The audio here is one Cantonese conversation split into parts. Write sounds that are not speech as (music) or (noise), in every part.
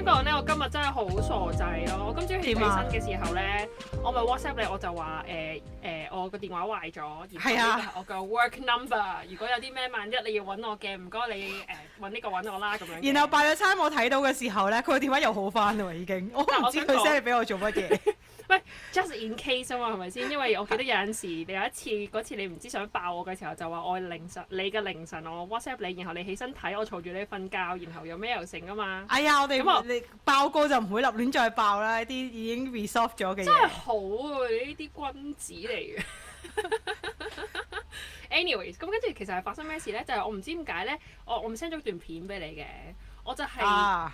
咁講咧，我今日真係好傻仔咯！我今朝起起身嘅時候咧，啊、我咪 WhatsApp 你，我就話誒誒，我個電話壞咗，而家係我個 work number。如果有啲咩萬一你要揾我嘅，唔該你誒揾呢個揾我啦咁樣。然後拜咗餐我睇到嘅時候咧，佢個電話又好翻啦，已經。我唔知佢 send 俾我做乜嘢。喂，just in case 啊嘛，係咪先？因為我記得有陣時， (laughs) 你有一次嗰次你唔知想爆我嘅時候，就話我凌晨你嘅凌晨我 WhatsApp 你，然後你起身睇我嘈住你瞓覺，然後又咩又成啊嘛。哎呀，我哋我你爆過就唔會立亂再爆啦，呢啲已經 resolve 咗嘅嘢。真係好啊，你呢啲君子嚟嘅。 (laughs) Anyways，咁跟住其實係發生咩事咧？就係、是、我唔知點解咧，我我 send 咗段片俾你嘅。我就係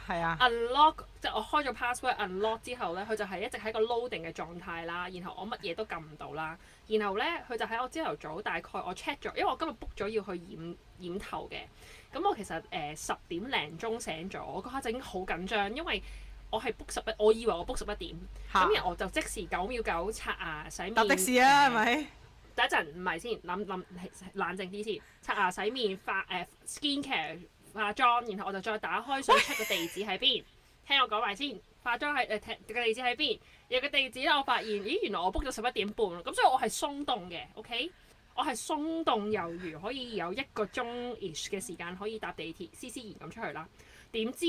係啊 unlock，即係我開咗 password unlock 之後咧，佢就係一直喺個 loading 嘅狀態啦。然後我乜嘢都撳唔到啦。然後咧，佢就喺我朝頭早大概我 check 咗，因為我今日 book 咗要去染染頭嘅。咁我其實誒十點零鐘醒咗，我嗰刻就已經好緊張，因為我係 book 十一，我以為我 book 十一點。嚇、啊！咁然後我就即時九秒九刷牙洗面。搭的士啊，係咪、呃？等一陣唔係先，諗諗冷靜啲先，刷牙洗面發誒 skin care。呃 skincare，化妝，然後我就再打開想 check 個地址喺邊，聽我講埋先。化妝喺誒聽個地址喺邊？有個地址咧，我發現，咦，原來我 book 咗十一點半，咁所以我係鬆動嘅，OK，我係鬆動，猶如可以有一個鐘 ish 嘅時間可以搭地鐵，施施然咁出去啦。點知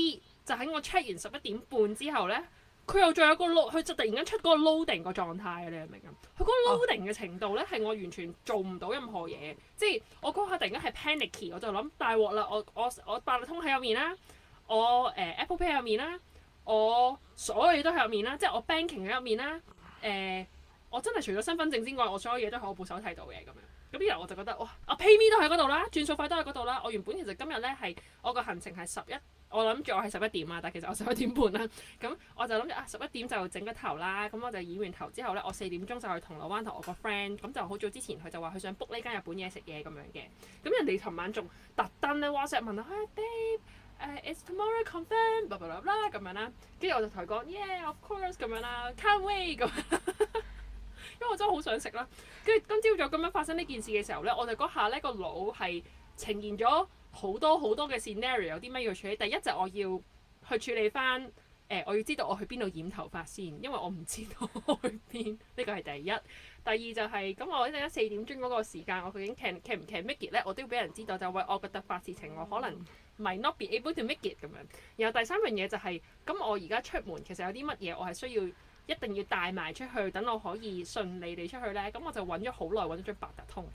就喺我 check 完十一點半之後咧。佢又仲有個 l o 佢就突然間出嗰個 loading 個狀態啊！你明唔明啊？佢嗰個 loading 嘅程度咧，係、oh. 我完全做唔到任何嘢。即係我嗰下突然間係 panicky，我就諗大鑊啦！我我我八達通喺入面啦，我誒、呃、Apple Pay 入面啦，我所有嘢都喺入面啦，即係我 banking 喺入面啦。誒、呃，我真係除咗身份證之外，我所有嘢都喺我部手提度嘅咁樣。咁然後我就覺得哇，我 PayMe 都喺嗰度啦，轉數快都喺嗰度啦。我原本其實今日咧係我個行程係十一。我諗住我係十一點啊，但係其實我十一點半啦。咁我就諗住啊，十一點就整個頭啦。咁我就染完頭之後咧，我四點鐘就去銅鑼灣同我個 friend。咁就好早之前佢就話佢想 book 呢間日本嘢食嘢咁樣嘅。咁人哋琴晚仲特登咧 WhatsApp 問啊，hi、hey、babe，誒、uh，is tomorrow confirmed？啦啦啦咁樣啦。跟住我就同佢講，yeah，of course 咁樣啦，can't wait 咁樣 (laughs) 因為我真係好想食啦。跟住今朝早咁樣發生呢件事嘅時候咧，我哋嗰下咧個腦係呈現咗。好多好多嘅 scenario 有啲乜要處理。第一就我要去處理返，誒、呃，我要知道我去邊度染頭髮先，因為我唔知道去邊。呢個係第一。第二就係、是、咁，我而家四點鐘嗰個時間，我究竟 can 唔 can, t, can t make it 咧？我都要俾人知道就話、是、我個突發事情，我可能 might not be able to make it 咁樣。然後第三樣嘢就係、是、咁，我而家出門其實有啲乜嘢我係需要一定要帶埋出去，等我可以順利地出去咧。咁我就揾咗好耐揾咗張八達通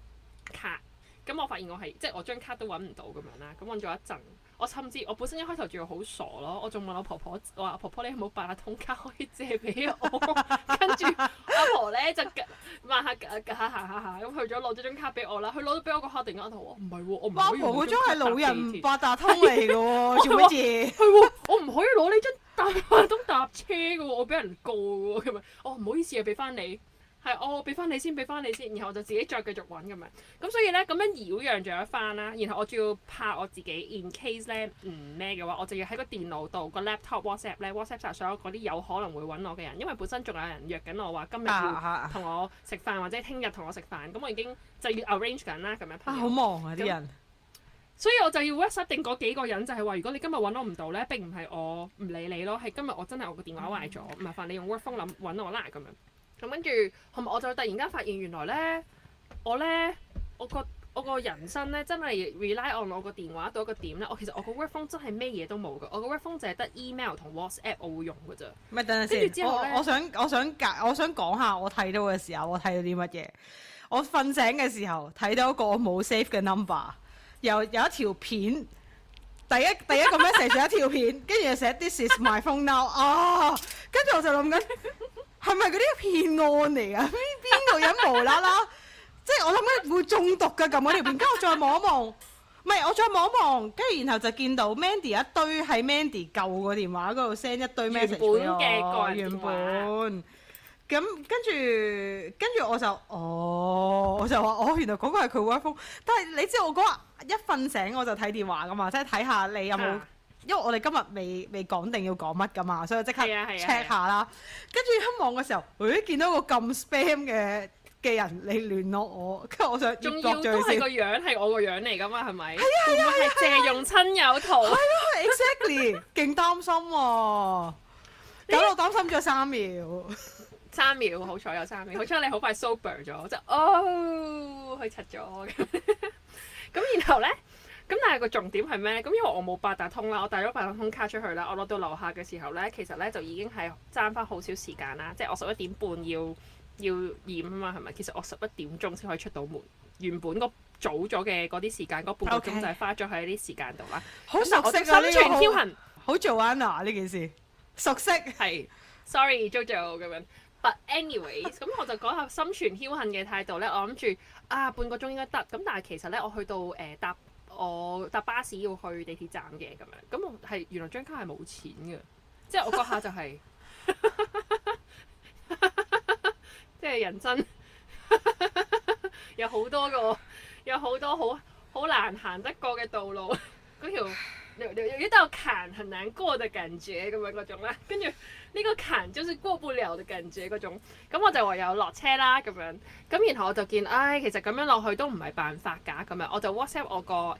卡。咁我發現我係，即係我張卡都揾唔到咁樣啦。咁揾咗一陣，我甚至我本身一開頭仲好傻咯。我仲問我婆婆，我話婆婆你有冇八達通卡可以借俾我？ (laughs) 跟住阿婆咧就問下，問下行下行下，咁去咗攞咗張卡俾我啦。佢攞到俾我個卡，突然間同我話唔係喎，我唔可以。阿婆嗰張係老人八達通嚟嘅喎，知唔知？係喎，我唔可以攞呢張八達通搭車嘅喎，我俾人告嘅喎，咁啊，我唔好意思啊，俾翻你。係，我俾翻你先，俾翻你先，然後我就自己再繼續揾咁樣。咁所以咧，咁樣擾攘咗一番啦。然後我仲要拍我自己，in case 咧唔咩嘅話，我就要喺個電腦度、個 laptop WhatsApp 咧，WhatsApp 曬所有嗰啲有可能會揾我嘅人。因為本身仲有人約緊我話今日要同我食飯，或者聽日同我食飯。咁我已經就要 arrange 緊啦咁樣。樣啊，好忙啊啲樣人。所以我就要 WhatsApp 定嗰幾個人，就係話，如果你今日揾我唔到咧，並唔係我唔理你咯，係今日我真係我個電話壞咗，麻煩你用 work phone 諗揾我啦咁樣。咁跟住，同埋我就突然間發現原來咧，我咧，我個我個人生咧，真係 rely on 我個電話到一個點咧。我其實我個 work phone 真係咩嘢都冇嘅，我個 work phone 就係得 email 同 WhatsApp 我會用嘅啫。唔係等陣等先，我想我想解我想講下我睇到嘅時候，我睇到啲乜嘢。我瞓醒嘅時候睇到一個我冇 save 嘅 number，又有，有一條片，第一第一個 message 有一條片，跟住寫 This is my phone now。哦、 (laughs) 啊，跟住我就諗緊。 (laughs) 係咪嗰啲騙案嚟啊？邊度人無啦啦？ (laughs) 即係我諗緊會中毒㗎咁嗰條，跟住我再望一望，唔係我再望一望，跟住然後就見到 Mandy 一堆喺 Mandy 舊個電話嗰度 send 一堆 message 咯。原本嘅個人電話。原本。咁跟住跟住我就，哦，我就話，哦，原來嗰個係佢 work phone，但係你知道我嗰日一瞓醒我就睇電話㗎嘛，即係睇下你有冇、嗯。因為我哋今日未未講定要講乜㗎嘛，所以即刻 check 下啦。跟住一望嘅時候，誒見到個咁 spam 嘅嘅人嚟聯絡我，跟住我想。仲要都係個樣係我個樣嚟㗎嘛，係咪？係啊係啊係啊！借用親友圖。係咯，exactly。勁擔心喎，搞到擔心咗三秒，三秒好彩有三秒，好彩你好快 sober 咗，即係哦，佢柒咗我嘅。咁然後咧。咁但係個重點係咩咧？咁因為我冇八達通啦，我帶咗八達通卡出去啦。我攞到樓下嘅時候咧，其實咧就已經係爭返好少時間啦。即係我十一點半要要驗啊嘛，係咪？其實我十一點鐘先可以出到門。原本個早咗嘅嗰啲時間，嗰半個鐘就係花咗喺啲時間度啦。Okay. 嗯、好熟悉、啊、心存僥倖好，好做啊呢件事熟悉係。 (laughs) Sorry，JoJo 咁樣，But anyways，咁 (laughs) 我就講下心存僥倖嘅態度咧。我諗住啊，半個鐘應該得。咁但係其實咧，我去到誒、呃呃、搭。我搭巴士要去地鐵站嘅咁樣，咁我係原來張卡係冇錢嘅，即係我嗰下就係、是， (laughs) (laughs) 即係人生 (laughs) 有好多個，有好多好好難行得過嘅道路，嗰條。有有有一道坎，很難過的感覺咁樣嗰種啦，跟住呢、這個坎就是過不了的感覺嗰種，咁我就唯有落車啦，咁樣，咁然後我就見，唉、哎，其實咁樣落去都唔係辦法噶，咁樣，我就 WhatsApp 我個誒誒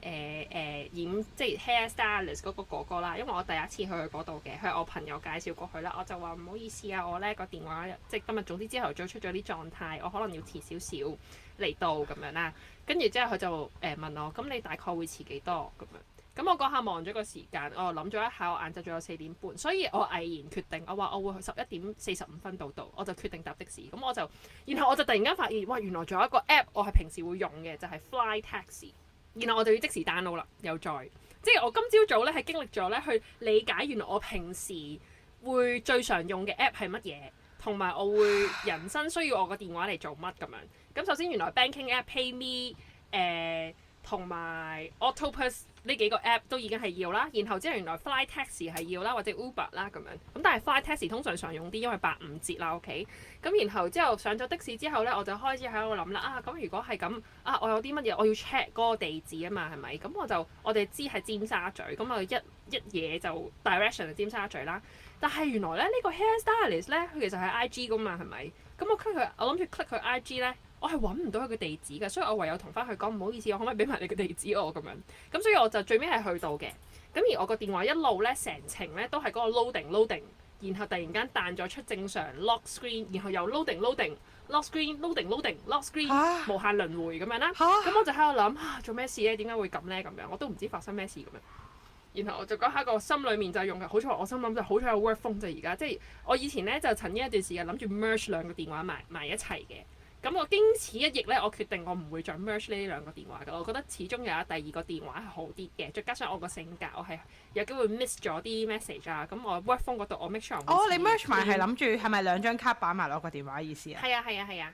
演即係 hair stylist 嗰個哥哥啦，因為我第一次去佢嗰度嘅，佢係我朋友介紹過去啦，我就話唔好意思啊，我咧個電話即係今日總之之後再出咗啲狀態，我可能要遲少少嚟到咁樣啦，跟住之後佢就誒問我，咁你大概會遲幾多咁樣？咁我嗰下望咗個時間，我又諗咗一下，我晏晝仲有四點半，所以我毅然決定，我話我會去十一點四十五分度度，我就決定搭的士。咁我就，然後我就突然間發現，哇！原來仲有一個 app 我係平時會用嘅，就係、是、Fly Taxi。然後我就要即時 download 啦，又再，即係我今朝早咧係經歷咗咧去理解，原來我平時會最常用嘅 app 係乜嘢，同埋我會人生需要我個電話嚟做乜咁樣。咁首先原來 Banking App PayMe，誒、呃、同埋 Autopass 呢幾個 app 都已經係要啦，然後之後原來 FlyTaxi 係要啦，或者 Uber 啦咁樣，咁但係 FlyTaxi 通常常用啲，因為八五折啦，OK，咁然後之後上咗的士之後咧，我就開始喺度諗啦，啊咁如果係咁，啊我有啲乜嘢，我要 check 嗰個地址啊嘛，係咪？咁、嗯、我就我哋知係尖沙咀，咁、嗯、啊一一嘢就 direction 係尖沙咀啦。但係原來咧呢、這個 hair stylist 咧，佢其實係 IG 噶嘛，係咪？咁我 click 佢，我諗住 click 佢 IG 咧。我係揾唔到佢個地址㗎，所以我唯有同翻佢講唔好意思，我可唔可以俾埋你個地址我咁樣咁，所以我就最尾係去到嘅咁。而我個電話一路咧成程咧都係嗰個 loading loading，然後突然間彈咗出正常 lock screen，然後又 loading loading lock screen loading loading lock screen、啊、無限輪迴咁樣啦。咁、啊、我就喺度諗嚇做咩事咧？點解會咁咧？咁樣我都唔知發生咩事咁樣。然後我就講下個心裡面就係用嘅，好彩我心諗就好彩有 work phone 就而家即係我以前咧就曾經一段時間諗住 merge 兩個電話埋埋一齊嘅。咁我經此一役咧，我決定我唔會再 merge 呢兩個電話噶。我覺得始終有第二個電話係好啲嘅。再加上我個性格，我係有機會 miss 咗啲 message 啊。咁我 work phone 嗰度，我 make sure m 哦，次你 merge 埋係諗住係咪兩張卡擺埋落個電話意思啊？係啊，係啊，係啊。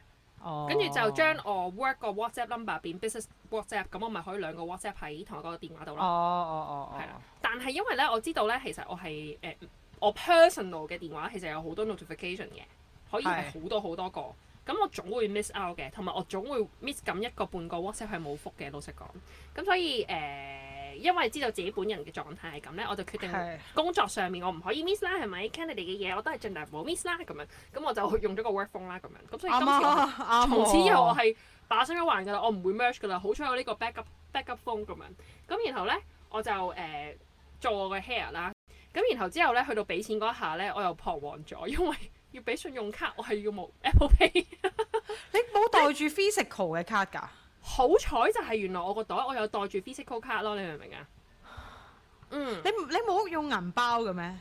跟住就將我 work 個 WhatsApp number 變 business WhatsApp，咁我咪可以兩個 WhatsApp 喺同一個電話度咯。哦哦哦哦。係啦，但係因為咧，我知道咧，其實我係誒、呃，我 personal 嘅電話其實有好多 notification 嘅，可以係好多好多多個。咁我總會 miss out 嘅，同埋我總會 miss 咁一個半個 WhatsApp 係冇覆嘅，老實講。咁所以誒、呃，因為知道自己本人嘅狀態係咁咧，我就決定工作上面我唔可以 miss 啦，係咪？Kennedy 嘅嘢我都係盡量唔好 miss 啦，咁樣咁我就用咗個 work phone 啦，咁樣咁所以今次從此以後我係把心一橫噶啦，我唔會 merge 噶啦。好彩有呢個 backup backup phone 咁樣咁，然後咧我就誒、呃、做我個 hair 啦。咁然後之後咧去到俾錢嗰一下咧，我又彷徨咗，因為。要俾信用卡，我係要冇 Apple Pay (laughs) 你的的。你冇袋住 physical 嘅卡噶？ (music) 好彩就係原來我個袋我有袋住 physical 卡咯，你明唔明啊？嗯，你你冇用銀包嘅咩？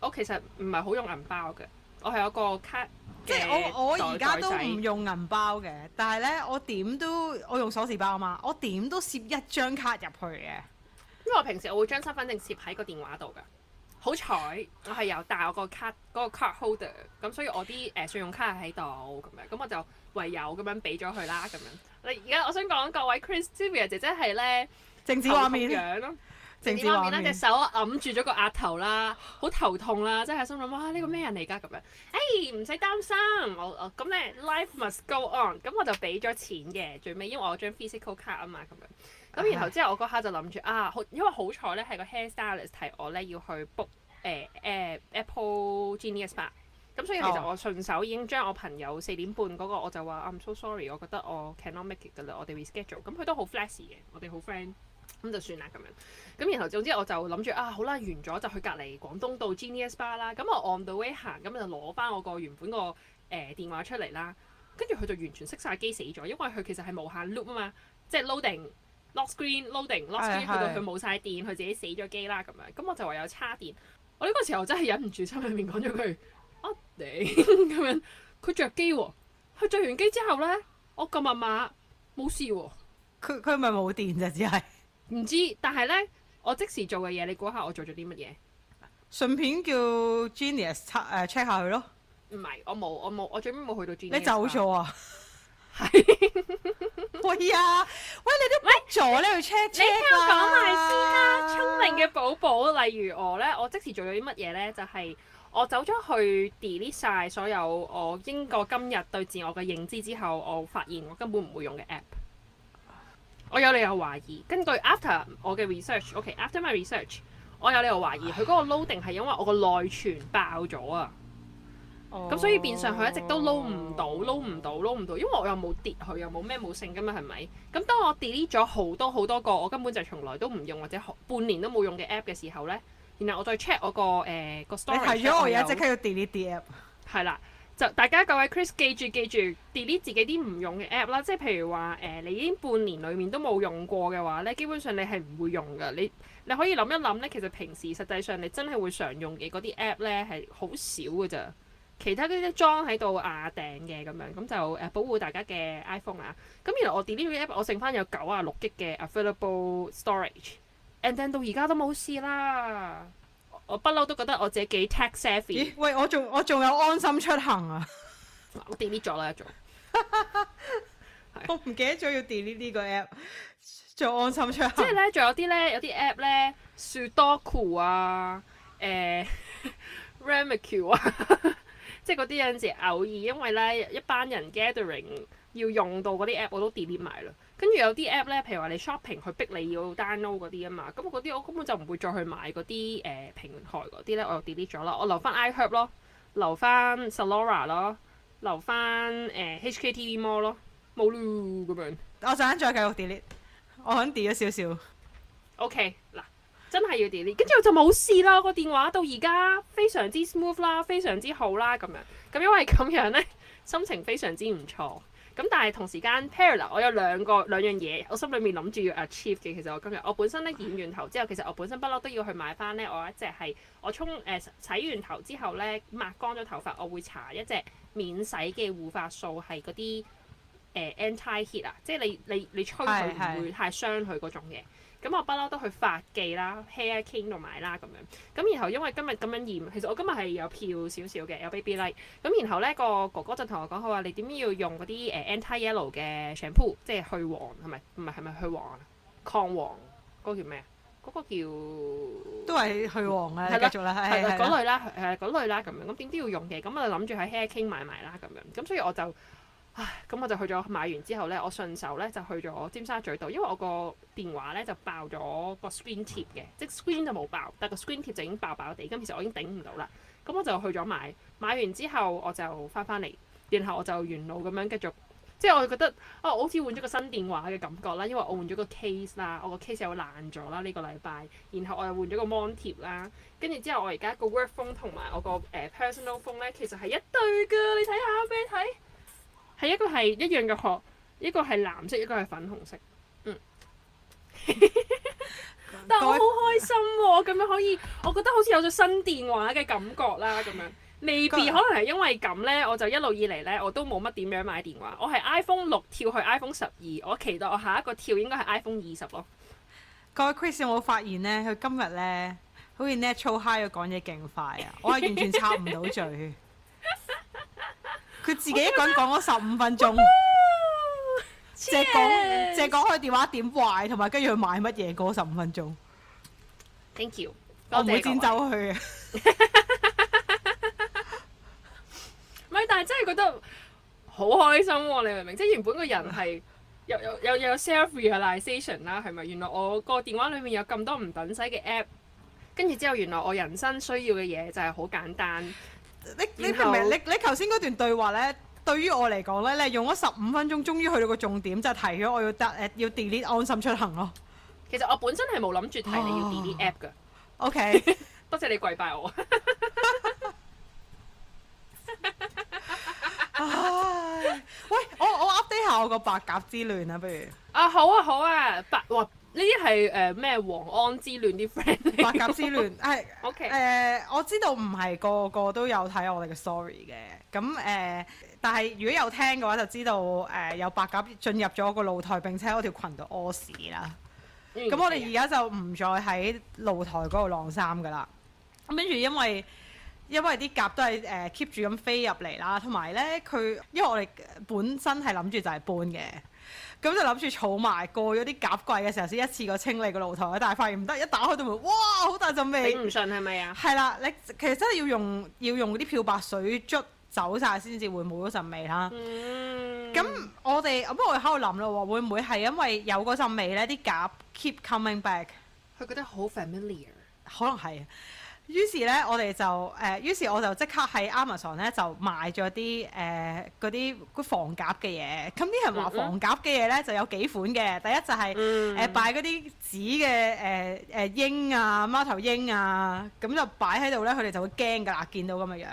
我其實唔係好用銀包嘅，我係有個卡，即係我我而家都唔用銀包嘅。但係咧，我點都，我用 (music) 我,都我用鎖匙包啊嘛，我點都攝一張卡入去嘅，因為我平時我會將身份證攝喺個電話度噶。好彩我係有帶，但係我個卡嗰個 card holder 咁，所以我啲誒、呃、信用卡係喺度咁樣，咁我就唯有咁樣俾咗佢啦咁樣。你而家我想講各位 Chris、Sylvia 姐姐係咧靜止畫面，樣靜止畫面啦，隻手揞住咗個額頭啦，好頭痛啦，即係心諗哇呢個咩人嚟㗎咁樣。誒唔使擔心，我我咁咧 life must go on，咁我就俾咗錢嘅，最尾因為我張 physical card 啊嘛咁樣。咁然後之後我，我嗰下就諗住啊，好，因為好彩咧，係個 hair stylist 提我咧要去 book 誒、呃呃、Apple Genius Bar，咁所以其實我順手已經將我朋友四點半嗰個，我就話、哦嗯、I'm so sorry，我覺得我 cannot make it 啦，我哋 reschedule。咁佢都好 flexy 嘅，我哋好 friend，咁就算啦咁樣。咁然後總之後我就諗住啊，好啦，完咗就去隔離廣東道 Genius Bar 啦。咁我 on the way 行，咁就攞翻我個原本個誒、呃、電話出嚟啦。跟住佢就完全熄晒機死咗，因為佢其實係無限 loop 啊嘛，即係 loading。lock screen loading lock screen 去、哎、到佢冇晒電，佢、哎、自己死咗機啦咁樣，咁我就唯有叉電。我呢個時候真係忍唔住心裏面講咗句啊，頂咁樣，佢着機喎，佢着完機之後咧，我撳密碼冇事喎、啊，佢佢咪冇電咋，只係唔知。但係咧，我即時做嘅嘢，你估下我做咗啲乜嘢？順便叫 Genius check 誒 check、呃、下佢咯。唔係，我冇，我冇，我最尾冇去到 Genius。你走咗啊？係。 (laughs) (laughs) 會啊！喂，你都叻咗呢個 check check 你聽我講埋先啦。啊、聰明嘅寶寶，例如我咧，我即時做咗啲乜嘢咧？就係、是、我走咗去 delete 晒所有我經過今日對自我嘅認知之後，我發現我根本唔會用嘅 app。我有理由懷疑，根據 after 我嘅 research，OK，after、okay, my research，我有理由懷疑佢嗰個 loading 係因為我個內存爆咗啊！咁、哦、所以變相佢一直都撈唔到，撈唔到，撈唔到，因為我又冇跌佢，又冇咩冇性㗎嘛，係咪？咁當我 delete 咗好多好多個，我根本就從來都唔用或者半年都冇用嘅 app 嘅時候咧，然後我再 check 我個誒個 story，你睇咗我而家即刻要 delete app，係啦，就大家各位 Chris 記住記住 delete 自己啲唔用嘅 app 啦，即係譬如話誒、呃、你已經半年裡面都冇用過嘅話咧，基本上你係唔會用噶。你你可以諗一諗咧，其實平時實際上你真係會常用嘅嗰啲 app 咧係好少㗎咋。其他嗰啲裝喺度啊訂嘅咁樣，咁就誒、呃、保護大家嘅 iPhone 啊。咁、嗯、原來我 delete 呢個 app，我剩翻有九啊六 G 嘅 available storage，and then 到而家都冇事啦。我不嬲都覺得我自己幾 tech savvy。喂，我仲我仲有安心出行啊！我 delete 咗啦，一早我唔記得咗要 delete 呢個 app，仲安心出行。即係咧，仲有啲咧，有啲 app 咧，Sudoku 啊，誒、啊啊啊、 (laughs) r a m c u 啊。 (laughs) 即係嗰啲有陣時偶爾，因為咧一班人 gathering 要用到嗰啲 app，我都 delete 埋啦。跟住有啲 app 咧，譬如話你 shopping，去逼你要 download 嗰啲啊嘛，咁嗰啲我根本就唔會再去買嗰啲誒平台嗰啲咧，我又 delete 咗啦。我留翻 iHerb 咯，留翻 Salora 咯，留翻誒、呃、HKTV Mall 咯，冇咯咁樣。我陣間再繼續 delete，我肯 delete 少少。OK，嗱。真係要 delete，跟住我就冇事啦。個電話到而家非常之 smooth 啦，非常之好啦，咁樣，咁因為咁樣咧，心情非常之唔錯。咁但係同時間 parallel，我有兩個兩樣嘢，我心裏面諗住要 achieve 嘅。其實我今日我本身咧染完頭之後，其實我本身不嬲都要去買翻咧，我一隻係我沖誒洗完頭之後咧，抹乾咗頭髮，我會搽一隻免洗嘅護髮素，係嗰啲誒 anti heat 啊，it，即係你你你吹水唔會太傷佢嗰種嘅。是是是。咁、啊、我不嬲都去髮記啦，Hair King 度買啦咁樣。咁然後因為今日咁樣染，其實我今日係有票少少嘅，有 Baby Light、like。咁然後咧個哥哥就同我講、啊，佢話你點要用嗰啲誒 anti yellow 嘅 shampoo 即係去黃係咪？唔係係咪去黃抗黃嗰、嗰個叫咩啊？嗰、嗰個叫都係去黃啊。係啦，係啦，嗰類啦，誒嗰、嗯啊、類啦咁樣。咁點都要用嘅。咁我就諗住喺 Hair King 買埋啦咁樣。咁所以我就。唉，咁我就去咗買完之後咧，我順手咧就去咗尖沙咀度，因為我個電話咧就爆咗個 screen 貼嘅，即係 screen 就冇爆，但個 screen 貼就已經爆爆地。咁其實我已經頂唔到啦，咁我就去咗買買完之後，我就翻翻嚟，然後我就沿路咁樣繼續，即係我就覺得哦，好似換咗個新電話嘅感覺啦，因為我換咗個 case 啦，我個 case 又爛咗啦呢個禮拜，然後我又換咗個 mon 貼啦，跟住之後我而家個 work phone 同埋我個誒、uh, personal phone 咧，其實係一對噶，你睇下俾你睇。係一個係一樣嘅殼，一個係藍色，一個係粉紅色。嗯。 (laughs) 但係我好開心喎、啊！咁各位 樣可以，我覺得好似有咗新電話嘅感覺啦咁樣。未必各位 可能係因為咁呢，我就一路以嚟呢，我都冇乜點樣買電話。我係 iPhone 六跳去 iPhone 十二，我期待我下一個跳應該係 iPhone 二十咯。各位 Chris 有冇發現呢？佢今日呢，好似 natural high，佢講嘢勁快啊！我係完全插唔到嘴。 (laughs) 佢自己一個人講咗十五分鐘，即係講即係講開電話點壞，同埋跟住去買乜嘢，講咗十五分鐘。Thank you，我唔會剪走佢。唔係，但係真係覺得好開心喎！你明唔明？即係原本個人係有有有有 self realisation 啦，係咪？原來我個電話裡面有咁多唔等使嘅 app，跟住之後原來我人生需要嘅嘢就係好簡單。你後你明唔明？你你頭先嗰段對話咧，對於我嚟講咧，你用咗十五分鐘，終於去到個重點，就係、是、提咗我要得誒，要 delete 安心出行咯。其實我本身係冇諗住提你要 delete app 嘅。哦、o、okay. K， (laughs) 多謝你跪拜我。喂， (laughs) (laughs) (laughs) 我我 update 下我個白鴿之亂啊，不如。啊好啊好啊，白喂。呢啲係誒咩黃安之亂啲 friend，白鴿之亂係。OK，誒我知道唔係個個都有睇我哋嘅 story 嘅，咁誒、呃，但係如果有聽嘅話，就知道誒、呃、有白鴿進入咗個露台，並且喺條裙度屙屎啦。咁我哋而家就唔再喺露台嗰度晾衫噶啦。咁跟住因為因為啲鴿都係誒 keep 住咁飛入嚟啦，同埋咧佢因為我哋本身係諗住就係搬嘅。咁就諗住儲埋過咗啲鴿季嘅時候先一次過清理個露台，但係發現唔得，一打開道門，哇，好大陣味！頂唔順係咪啊？係啦，你其實真係要用要用啲漂白水捽走晒先至會冇嗰陣味啦。咁、嗯、我哋咁我哋喺度諗啦喎，會唔會係因為有嗰陣味咧？啲鴿 keep coming back，佢覺得好 familiar，可能係、啊。於是咧，我哋就誒、呃，於是我就即刻喺 Amazon 咧就買咗啲誒嗰啲防鴿嘅嘢。咁啲人話防鴿嘅嘢咧就有幾款嘅。第一就係誒擺嗰啲紙嘅誒誒鷹啊、貓頭鷹啊，咁就擺喺度咧，佢哋就會驚㗎啦，見到咁嘅樣。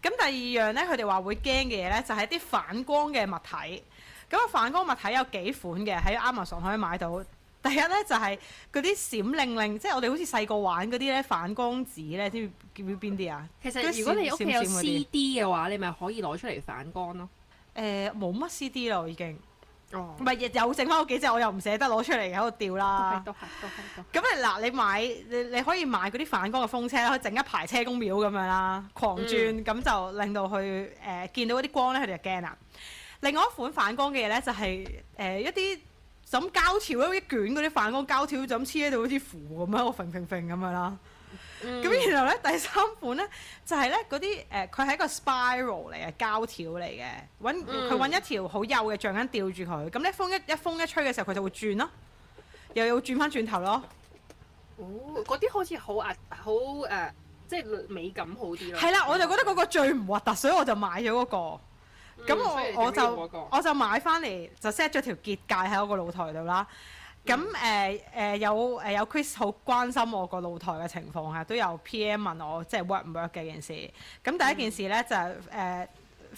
咁第二樣咧，佢哋話會驚嘅嘢咧，就係、一、啲反光嘅物體。咁、個反光物體有幾款嘅，喺 Amazon 可以買到。第一咧就係嗰啲閃令令，即係我哋好似細個玩嗰啲咧反光紙咧，知唔知邊啲啊？其實如果你屋企有 CD 嘅話，話，你咪可以攞出嚟反光咯。誒、呃，冇乜 CD 啦，已經。哦。唔係，又剩翻嗰幾隻，我又唔捨得攞出嚟喺度掉啦。咁誒嗱，你買你你可以買嗰啲反光嘅風車啦，可以整一排車公廟咁樣啦，狂轉咁、嗯、就令到佢，誒、呃、見到嗰啲光咧，佢哋就驚啊！另外一款反光嘅嘢咧，就係誒一啲。咁膠條一卷嗰啲反光膠條就咁黐喺度，好似符咁樣，我揈揈揈咁嘅啦。咁、嗯、 (laughs) 然後咧，第三款咧就係咧嗰啲誒，佢、呃、係一個 spiral 嚟嘅膠條嚟嘅，佢揾一條好幼嘅橡筋吊住佢。咁咧風一一風一吹嘅時候，佢就會轉咯，又要轉翻轉頭咯。哦，嗰啲好似好壓好誒，即係美感好啲咯。係 (laughs) 啦，我就覺得嗰個最唔核突，所以我就買咗嗰、嗰個。咁、嗯、我以我就、那個、我就買翻嚟就 set 咗條結界喺我個露台度啦。咁誒誒有誒、呃、有 Chris 好關心我個露台嘅情況啊，都有 PM 問我即係 work 唔 work 嘅件事。咁第一件事咧、嗯、就係誒、呃、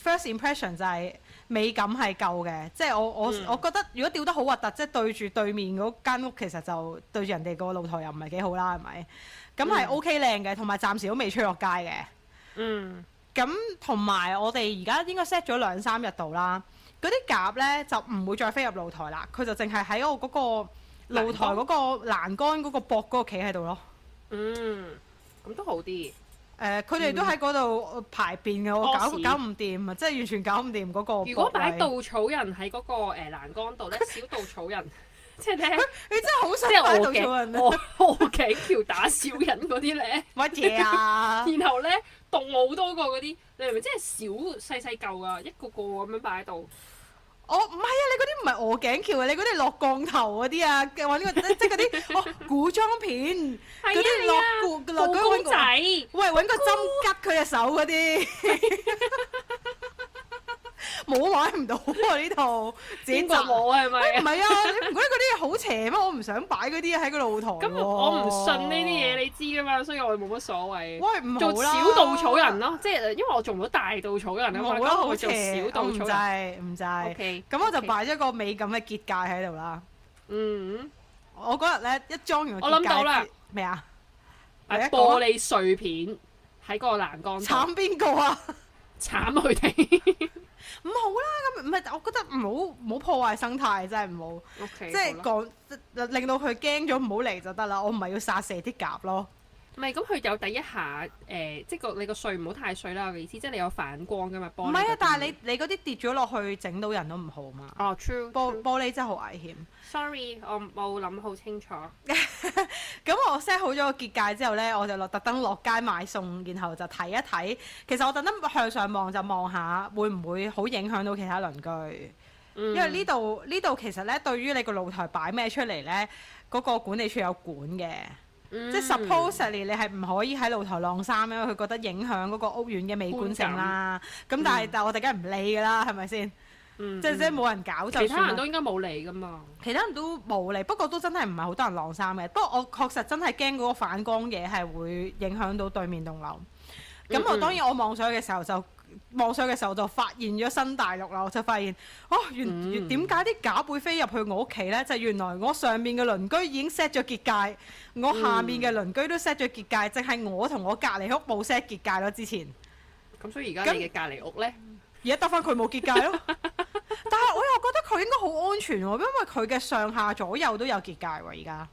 first impression 就係、是、美感係夠嘅，即係我我、嗯、我覺得如果吊得好核突，即係對住對面嗰間屋，其實就對住人哋個露台又唔係幾好啦，係咪？咁係 OK 靚嘅，同埋暫時都未出落街嘅。嗯。嗯。咁同埋我哋而家應該 set 咗兩三日度啦，嗰啲鴿咧就唔會再飛入露台啦，佢就淨係喺我嗰個露台嗰個欄杆嗰個樖嗰個企喺度咯。嗯，咁、呃、都好啲。誒，佢哋都喺嗰度排便嘅，嗯、我搞搞唔掂啊，即係完全搞唔掂嗰個。如果擺稻草人喺嗰個誒欄杆度咧， (laughs) 小稻草人。 (laughs) 即係你，你真係好想擺度小人啊！鵝，鵝頸橋打小人嗰啲咧，乜嘢啊？然後咧，棟好多個嗰啲，你明唔明真係小細細嚿啊，一個個咁樣擺喺度。我唔係啊！你嗰啲唔係鵝頸橋啊！你嗰啲落降頭嗰啲啊！我呢個即即嗰啲，哦，古裝片嗰啲落落公仔，喂，揾個針吉佢隻手嗰啲。冇買唔到喎呢套，剪就冇啊，係咪？唔係啊，你唔覺得嗰啲嘢好邪咩？我唔想擺嗰啲喺個露台。咁我唔信呢啲嘢，你知噶嘛？所以我冇乜所謂。喂，唔做小稻草人咯，即係因為我做唔到大稻草人啊嘛，我覺得我做小稻草人，唔制，唔制。咁我就擺咗個美感嘅結界喺度啦。嗯，我嗰日咧一裝完，我諗到啦。咩啊？玻璃碎片喺個欄杆。慘邊個啊？慘佢哋。唔好啦，咁唔係。我覺得唔好唔好破壞生態，真係唔好，okay, 即係講吧令到佢驚咗，唔好嚟就得啦。我唔係要殺死啲鴿咯。唔係，咁佢、嗯、有第一下誒、呃，即係個你個碎唔好太碎啦，我意思，即係你有反光噶嘛？玻璃，唔係啊，但係你你嗰啲跌咗落去整到人都唔好嘛。哦、oh，true, true。玻璃真係好危險。Sorry，我冇諗好清楚。咁、 (laughs) 嗯、 (laughs) 我 set 好咗個結界之後咧，我就落特登落街買餸，然後就睇一睇。其實我特登向上望就望下，會唔會好影響到其他鄰居？嗯、因為呢度呢度其實咧，對於你個露台擺咩出嚟咧，嗰、嗰個管理處有管嘅。即係 supposedly 你係唔可以喺露台晾衫，因為佢覺得影響嗰個屋苑嘅美觀性觀感性啦。咁、嗯、但係但係我哋梗係唔理㗎啦，係咪先？嗯嗯，即係冇人搞就，就其他人都應該冇理㗎嘛。其他人都冇理，不過都真係唔係好多人晾衫嘅。不過我確實真係驚嗰個反光嘢係會影響到對面棟樓。咁、嗯嗯、我當然我望上去嘅時候就。望上嘅時候就發現咗新大陸啦，我就發現哦，原原點解啲鴿會飛入去我屋企呢？嗯、就原來我上面嘅鄰居已經 set 咗結界，我下面嘅鄰居都 set 咗結界，淨係我同我隔籬屋冇 set 結界咯。之前咁、嗯、所以而家你嘅隔籬屋呢？而家得翻佢冇結界咯。 (laughs) 但係我又覺得佢應該好安全喎、啊，因為佢嘅上下左右都有結界喎、啊。而家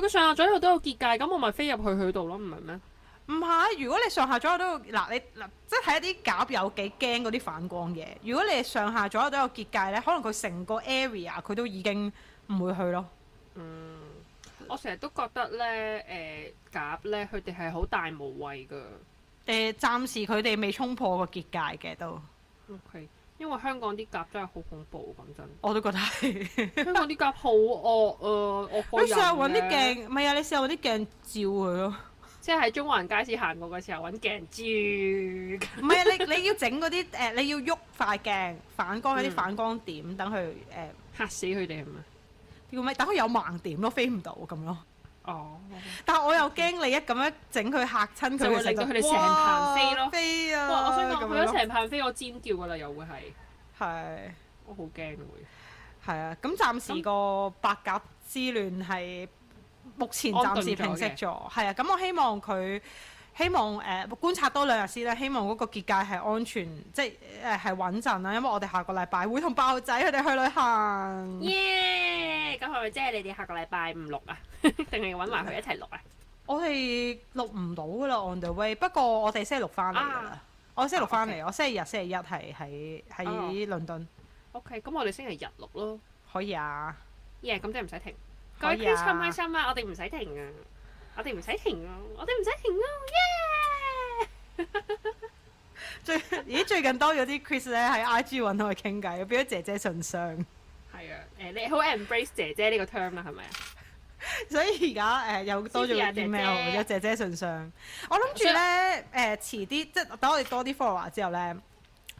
佢嘅上下左右都有結界，咁我咪飛入去佢度咯，唔係咩？唔係、啊，如果你上下左右都嗱你嗱，即係睇一啲鴿有幾驚嗰啲反光嘢。如果你上下左右都有結界咧，可能佢成個 area 佢都已經唔會去咯。嗯，我成日都覺得咧，誒鴿咧，佢哋係好大無畏噶。誒、呃，暫時佢哋未衝破個結界嘅都。OK，因為香港啲鴿真係好恐怖，講真。我都覺得係。 (laughs) 香港啲鴿好惡啊！我成日揾啲鏡，唔係啊！你試下揾啲鏡照佢咯。即係喺中環街市行過嘅時候揾鏡住，唔係 (laughs) 你你要整嗰啲誒，你要喐、呃、塊鏡反光嗰啲反光點，等佢誒嚇死佢哋係咪要咪，等佢有盲點咯，飛唔到咁咯。哦，但我又驚你一咁樣整佢嚇親佢，就會令到佢哋成棚飛咯。飛啊！我想講佢一成棚飛，我尖叫㗎啦，又會係。係是，我好驚會。係啊，咁暫時個白鴿之亂係。目前暫時平息咗，係啊！咁我希望佢希望誒、呃、觀察多兩日先啦。希望嗰個結界係安全，即係誒係穩陣啦。因為我哋下個禮拜會同爆仔佢哋去旅行。耶，咁係咪即係你哋下個禮拜唔錄啊？定係揾埋佢一齊錄啊？的我哋錄唔到噶啦，On the way。不過我哋星期六翻嚟啦。啊、我星期六翻嚟。啊 okay. 我星期日、星期一係喺喺倫敦。Oh. OK，咁我哋星期日錄咯。可以啊。耶，e 咁即係唔使停。各位 Chris，好開心啊！我哋唔使停啊，我哋唔使停啊，我哋唔使停啊 y、yeah! (laughs) 最咦最近多咗啲 Chris 咧喺 IG 揾我哋傾偈，變咗姐姐信箱。係啊，誒、呃、你好 embrace 姐姐呢個 term 啦，係咪、呃、啊？所以而家誒又多咗啲咩？有姐姐信箱。我諗住咧誒遲啲，即係等我哋多啲 follower 之後咧，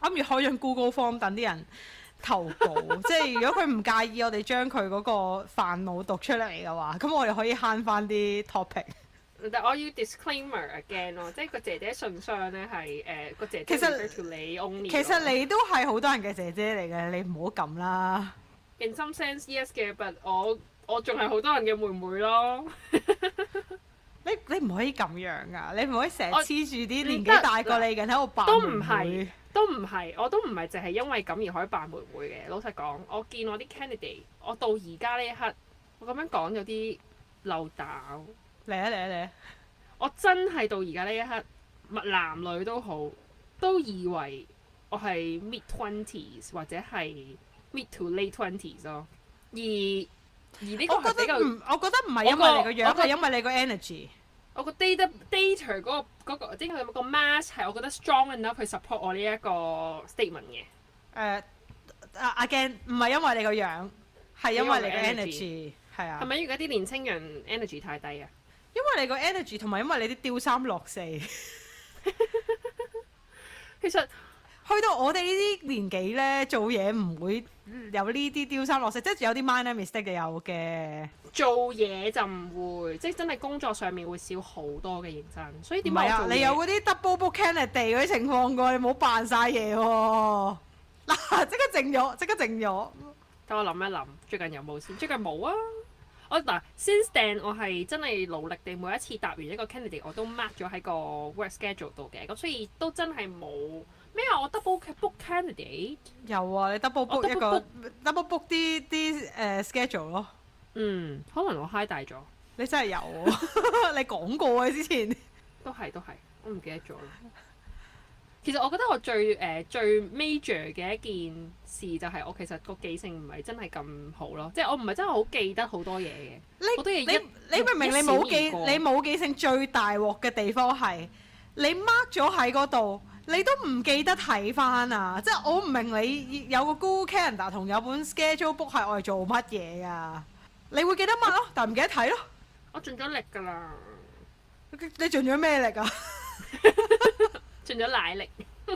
我諗住可以用 Google Form 等啲人。 (laughs) 投稿，即係如果佢唔介意我哋將佢嗰個煩惱讀出嚟嘅話，咁 (laughs) 我哋可以慳翻啲 topic。但我要 disclaimer again 咯， (laughs) 即係個姐姐信箱咧係誒個姐姐。呃、其實你其實你都係好多人嘅姐姐嚟嘅，你唔好咁啦。In some sense yes 嘅，but I, 我我仲係好多人嘅妹妹咯。 (laughs) 你你唔可以咁樣噶、啊，你唔可以成日黐住啲年紀大過你嘅喺度扮。都唔係，都唔係，我都唔係淨係因為咁而可以扮妹妹嘅。老實講，我見我啲 candidate，我到而家呢一刻，我咁樣講有啲漏蛋。嚟啊嚟啊嚟！啊我真係到而家呢一刻，男女都好，都以為我係 mid twenties 或者係 mid to late twenties 咯。而而呢個比較我覺，我覺得唔係因為你個樣，係因為你個 energy。我個 data、data 嗰個嗰個即係個 mask 係我覺得 strong enough 去 support 我呢一個 statement 嘅。誒誒，阿 Gem 唔係因為你個樣，係因為你個 energy 係啊。係咪而家啲年青人 energy 太低啊？因為你個 energy 同埋因為你啲丟三落四。其實。去到我哋呢啲年紀咧，做嘢唔會有呢啲丟三落四，即係有啲 minor mistake 嘅。有嘅。做嘢就唔會，即係真係工作上面會少好多嘅認真。所以點解唔係啊？你有嗰啲 double book candidate 嗰啲情況㗎，你冇扮晒嘢喎。嗱，即刻靜咗，即刻靜咗。等我諗一諗，最近有冇先？最近冇啊。我嗱 since then 我係真係努力地每一次答完一個 candidate，我都 mark 咗喺個 work schedule 度嘅。咁所以都真係冇。咩啊？我 double book candidate 有啊！你 double book, book 一個，double book 啲啲誒 schedule 咯。嗯，可能我 high 大咗。你真係有，你講過啊！ (laughs) 過之前都係都係，我唔記得咗 (laughs) 其實我覺得我最誒、呃、最 major 嘅一件事就係我其實個記性唔係真係咁好咯，即、就、係、是、我唔係真係好記得好多嘢嘅。你多你一你明明你冇記你冇記性最大鑊嘅地方係你 mark 咗喺嗰度。你都唔記得睇翻啊！即係我唔明你有個 Google Calendar 同有本 Schedule Book 係愛做乜嘢啊？你會記得 mark，但唔記得睇咯。我，咯我盡咗力噶啦。你盡咗咩力啊？ (laughs) 盡咗奶力。 (laughs) (laughs) 即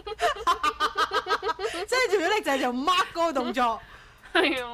係盡咗力就係做 mark 嗰個動作。係啊。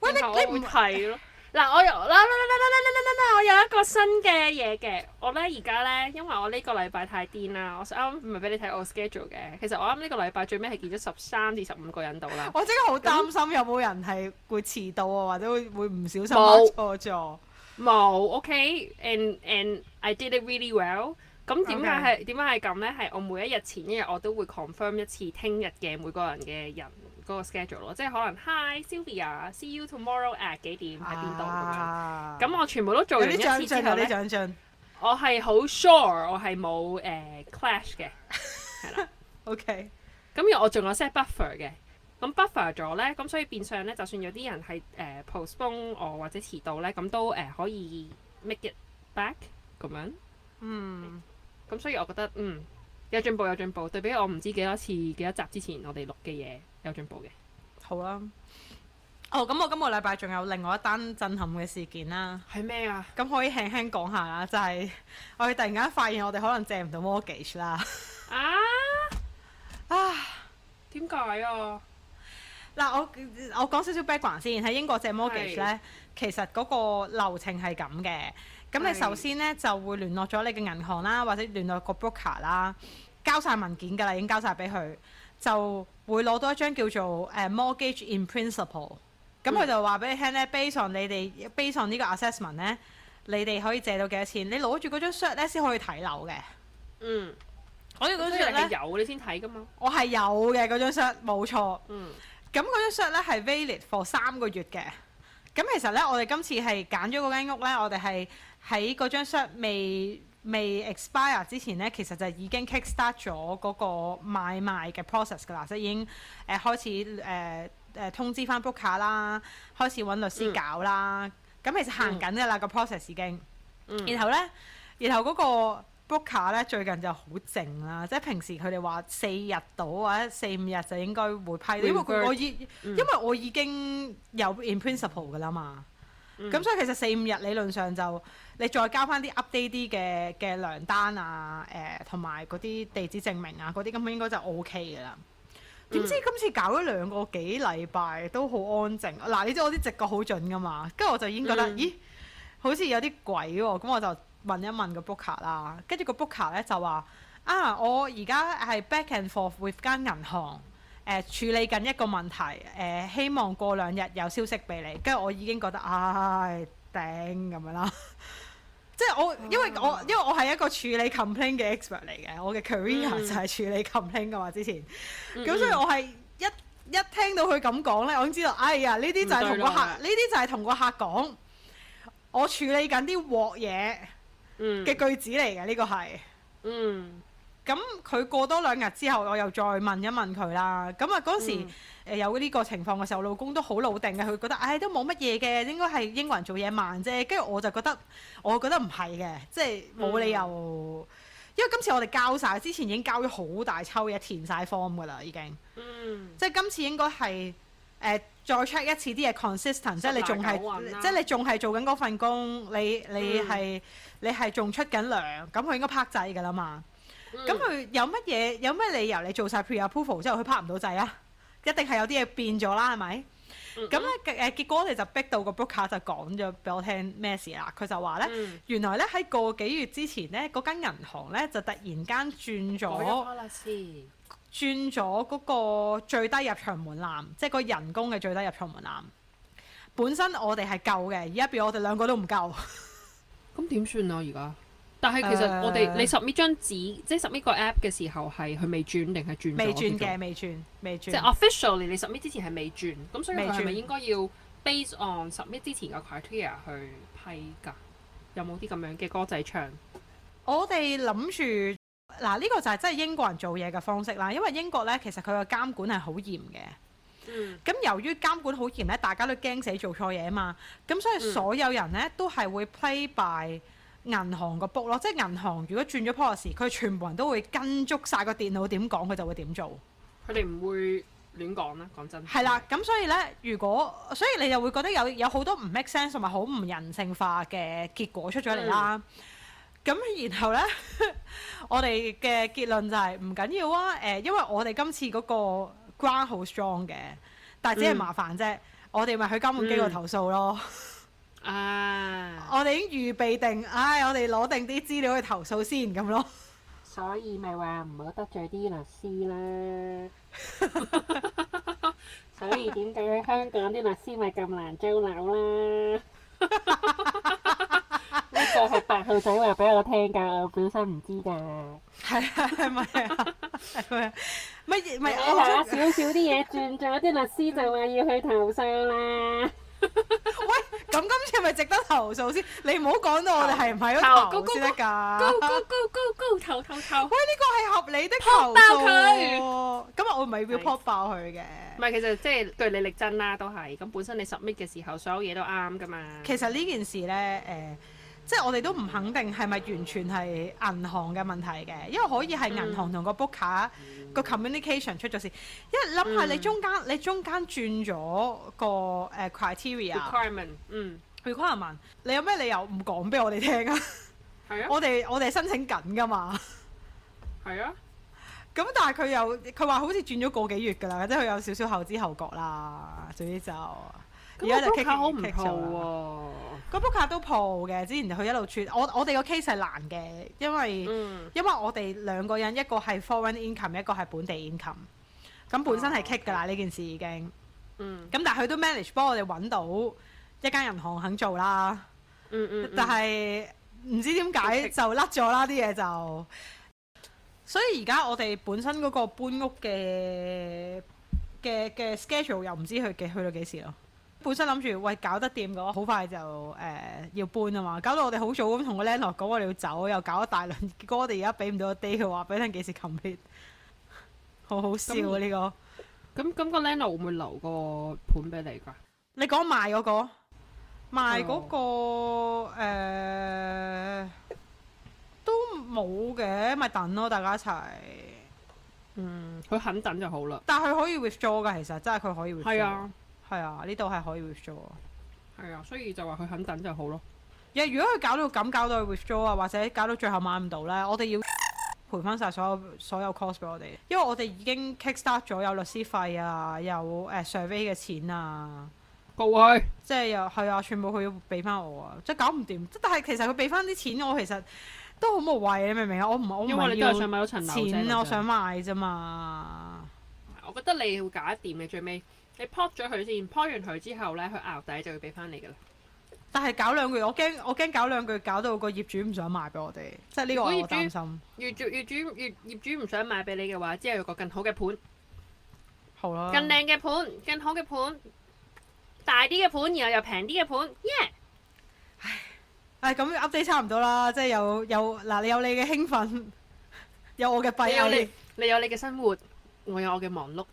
喂，你你唔睇咯？會不 (laughs) 嗱，我又啦啦啦啦啦啦啦啦啦，我有一個新嘅嘢嘅。我咧而家咧，因為我呢個禮拜太癲啦，我啱唔係俾你睇我 schedule 嘅。其實我啱呢個禮拜最尾係見咗十三至十五個人到啦。我真係好擔心那有冇人係會遲到啊，或者會唔小心錯座沒。冇坐，OK，and and I did it really well。咁點解係點解係咁咧？係我每一日前一日我都會 confirm 一次聽日嘅每個人嘅人。嗰個 schedule 咯，即係可能 hi Sylvia，see you tomorrow at 幾點喺邊度咁樣。咁我全部都做完一次之後，啲長進，啲長進。我係好 sure 我係冇誒 clash 嘅，係啦。OK，咁而我仲有 set buffer 嘅。咁 buffer 咗咧，咁所以變相咧，就算有啲人係誒 postpone 我或者遲到咧，咁都誒可以 make it back 咁樣。嗯，咁所以我覺得嗯有進步有進步，對比我唔知幾多次幾多集之前我哋錄嘅嘢。有進步嘅，好啦。哦，咁我今個禮拜仲有另外一單震撼嘅事件啦。係咩啊？咁可以輕輕講下啦，就係、是、我哋突然間發現我哋可能借唔到 mortgage 啦。啊 (laughs) 啊！點解啊？嗱、啊，我我講少少 background 先。喺英國借 mortgage 咧是，其實嗰個流程係咁嘅。咁你首先咧是就會聯絡咗你嘅銀行啦，或者聯絡個 broker 啦，交晒文件㗎啦，已經交晒俾佢。就會攞到一張叫做誒、uh, mortgage in principle，咁佢就話俾你聽咧，base on 你哋 base on 呢個 assessment 咧，你哋可以借到幾多錢？你攞住嗰張 shot 咧先可以睇樓嘅。嗯，所以嗰張咧有、啊、你先睇㗎嘛。我係有嘅嗰張 shot，冇錯。嗯。咁嗰張 shot 咧係 valid for 三個月嘅。咁其實咧，我哋今次係揀咗嗰間屋咧，我哋係喺嗰張 shot 未未 expire 之前咧，其實就已經 kick start 咗嗰個買賣嘅 process 㗎啦，即已經誒開始誒誒通知翻 book 卡啦，開始揾、呃呃 er、律師搞啦。咁、嗯、其實行緊㗎啦，嗯、個 process 已經。然後咧，然後嗰個 book 卡、er、咧，最近就好靜啦，即係平時佢哋話四日到或者四五日就應該會批。Revert? 因為我已、嗯、因為我已經有 in principle 㗎啦嘛。嗯。咁、嗯、所以其實四五日理論上就～你再交翻啲 update 啲嘅嘅糧單啊，誒同埋嗰啲地址證明啊，嗰啲根本應該就 OK 噶啦。點知今次搞咗兩個幾禮拜都好安靜。嗱，你知道我啲直覺好準噶嘛？跟住我就已經覺得，嗯、咦，好似有啲鬼喎、哦，咁我就問一問個 booker 啦。跟住個 booker 咧就話啊，我而家係 back and forth with 間銀行誒、呃、處理緊一個問題，誒、呃、希望過兩日有消息俾你。跟住我已經覺得，唉、哎，頂、呃、咁、呃、樣啦。 (laughs) 即係我，因為我因為我係一個處理 complain 嘅 expert 嚟嘅，我嘅 career 就係處理 complain 噶嘛，之前咁、嗯、所以我係一一聽到佢咁講咧，我已經知道，哎呀，呢啲就係同個客呢啲就係同個客講，我處理緊啲鑊嘢嘅句子嚟嘅呢個係嗯。咁佢、嗯、過多兩日之後，我又再問一問佢啦。咁、嗯、啊，嗰時有呢個情況嘅時候，老公都好老定嘅。佢覺得唉，都冇乜嘢嘅，應該係英國人做嘢慢啫。跟住我就覺得我覺得唔係嘅，即係冇理由。嗯、因為今次我哋交晒之前已經交咗好大抽嘢填晒 form 噶啦，已經。即係今次應該係誒、呃、再 check 一次啲嘢 consistent，即係你仲係即係你仲係做緊嗰份工，你你係、嗯、你係仲出緊糧咁，佢應該拍制㗎啦嘛。咁佢、嗯、有乜嘢？有乜理由你做晒 pre-approval 之後佢拍唔到掣啊？一定係有啲嘢變咗啦，係咪？咁咧誒，結果你就逼到個 broker 就講咗俾我聽咩事啦。佢就話咧，嗯、原來咧喺個幾月之前咧，嗰間銀行咧就突然間轉咗、嗯嗯，轉咗嗰個最低入場門檻，即係個人工嘅最低入場門檻。本身我哋係夠嘅，而家變我哋兩個都唔夠。咁點算啊？而家？但係其實我哋、uh, 你 submit 張紙，即係 submit 個 app 嘅時候，係佢未轉定係轉？未轉嘅，未轉，未轉。即係 officially 你 submit 之前係未轉，咁轉所以佢係咪應該要 base on submit 之前嘅 criteria 去批㗎？有冇啲咁樣嘅歌仔唱？嗯、我哋諗住，嗱呢、呢個就係真係英國人做嘢嘅方式啦。因為英國咧，其實佢個監管係好嚴嘅。咁、嗯嗯、由於監管好嚴咧，大家都驚死做錯嘢啊嘛。咁所以所有人咧都係會 play by。銀行個 book 咯，即係銀行如果轉咗 policy，佢全部人都會跟足晒個電腦點講，佢就會點做。佢哋唔會亂講咧，講真。係啦，咁所以呢，如果所以你就會覺得有有好多唔 make sense 同埋好唔人性化嘅結果出咗嚟啦。咁、嗯、然後呢， (laughs) 我哋嘅結論就係、係唔緊要啊。誒，因為我哋今次嗰個 ground 好 strong 嘅，但係只係麻煩啫。嗯、我哋咪去監管機構投訴咯。嗯啊！我哋已經預備定，唉、哎！我哋攞定啲資料去投訴先咁咯。所以咪話唔好得罪啲律師啦。 (laughs) 所以點解香港啲律師咪咁難租樓啦？呢 (laughs) (laughs) 個係八號仔話俾我聽嘅，我本身唔知嘅。係啊！ (laughs) 係咪啊？係咪？乜嘢咪攞少少啲嘢轉咗啲律師就話要去投訴啦。 (laughs) 喂，咁今次係咪值得投訴先？投你唔好講到我哋係唔係咯先得㗎。Go go go go go 投投投喂，呢個係合理的投訴。撲爆佢，咁啊，我唔係要撲爆佢嘅。唔係，其實即係據理力爭啦，都係。咁本身你 submit 嘅時候，所有嘢都啱㗎嘛。其實呢件事咧，誒、呃。即係我哋都唔肯定係咪完全係銀行嘅問題嘅，因為可以係銀行同個 book 卡、er、個 communication 出咗事。嗯、因一諗下你中間你中間轉咗個誒 criteria requirement，嗯，requirement，你有咩理由唔講俾我哋聽啊？係 (laughs) 啊，我哋我哋申請緊噶嘛 (laughs) 。係啊，咁但係佢又佢話好似轉咗個幾月噶啦，即係佢有少少後知後覺啦，所以就。而家就 book 卡好唔做喎。個 book 卡都破嘅。之前佢一路串。我，我哋個 case 係難嘅，因為因為我哋兩個人一個係 foreign income，一個係本地 income。咁本身係 kick 㗎啦，呢件事已經。咁但係佢都 manage 幫我哋揾到一間銀行肯做啦。但係唔知點解就甩咗啦啲嘢就。所以而家我哋本身嗰個搬屋嘅嘅嘅 schedule 又唔知去幾去到幾時咯。本身諗住喂搞得掂嘅，好快就誒、呃、要搬啊嘛，搞到我哋好早咁同個 lender 講我哋要走，又搞一大輪。結果我哋而家俾唔到個 day 佢，話俾佢聽幾時 commit， (laughs) 好好笑啊呢、嗯，這個。咁咁、嗯嗯，那個 lender 會唔會留個盤俾你噶？你講賣嗰、那個，賣嗰、那個誒、oh. 欸、都冇嘅，咪等咯，大家一齊。嗯，佢肯等就好啦。但係佢可以 withdraw 噶，其實真係佢可以 withdraw、啊。係啊，呢度係可以 withdraw 嘅。係啊，所以就話佢肯等就好咯。如果佢搞到咁，搞到佢 withdraw 啊，或者搞到最後買唔到咧，我哋要賠翻晒所有所有 cost 俾我哋，因為我哋已經 kick start 咗有律師費啊，有誒、呃、survey 嘅錢啊，告佢位，即係又係啊，全部佢要俾翻我啊，即係搞唔掂。但係其實佢俾翻啲錢我，其實都好無謂，你明唔明啊？我唔我唔係要錢啊，我想買啫嘛。我，我覺得你要搞掂嘅，最尾。你 pop 咗佢先，pop 完佢之後咧，佢牛底就要俾翻你噶啦。但係搞兩句，我驚我驚搞兩句搞到個業主唔想賣俾我哋。即係呢個我擔心。業主業主業業主唔想賣俾你嘅話，之後有個更好嘅盤。好啦吧。更靚嘅盤，更好嘅盤，大啲嘅盤，然後又平啲嘅盤，耶、yeah!！唉，咁 update 差唔多啦，即係有有嗱，你有你嘅興奮，有我嘅弊，你有你 (laughs) 你有你嘅生活，我有我嘅忙碌。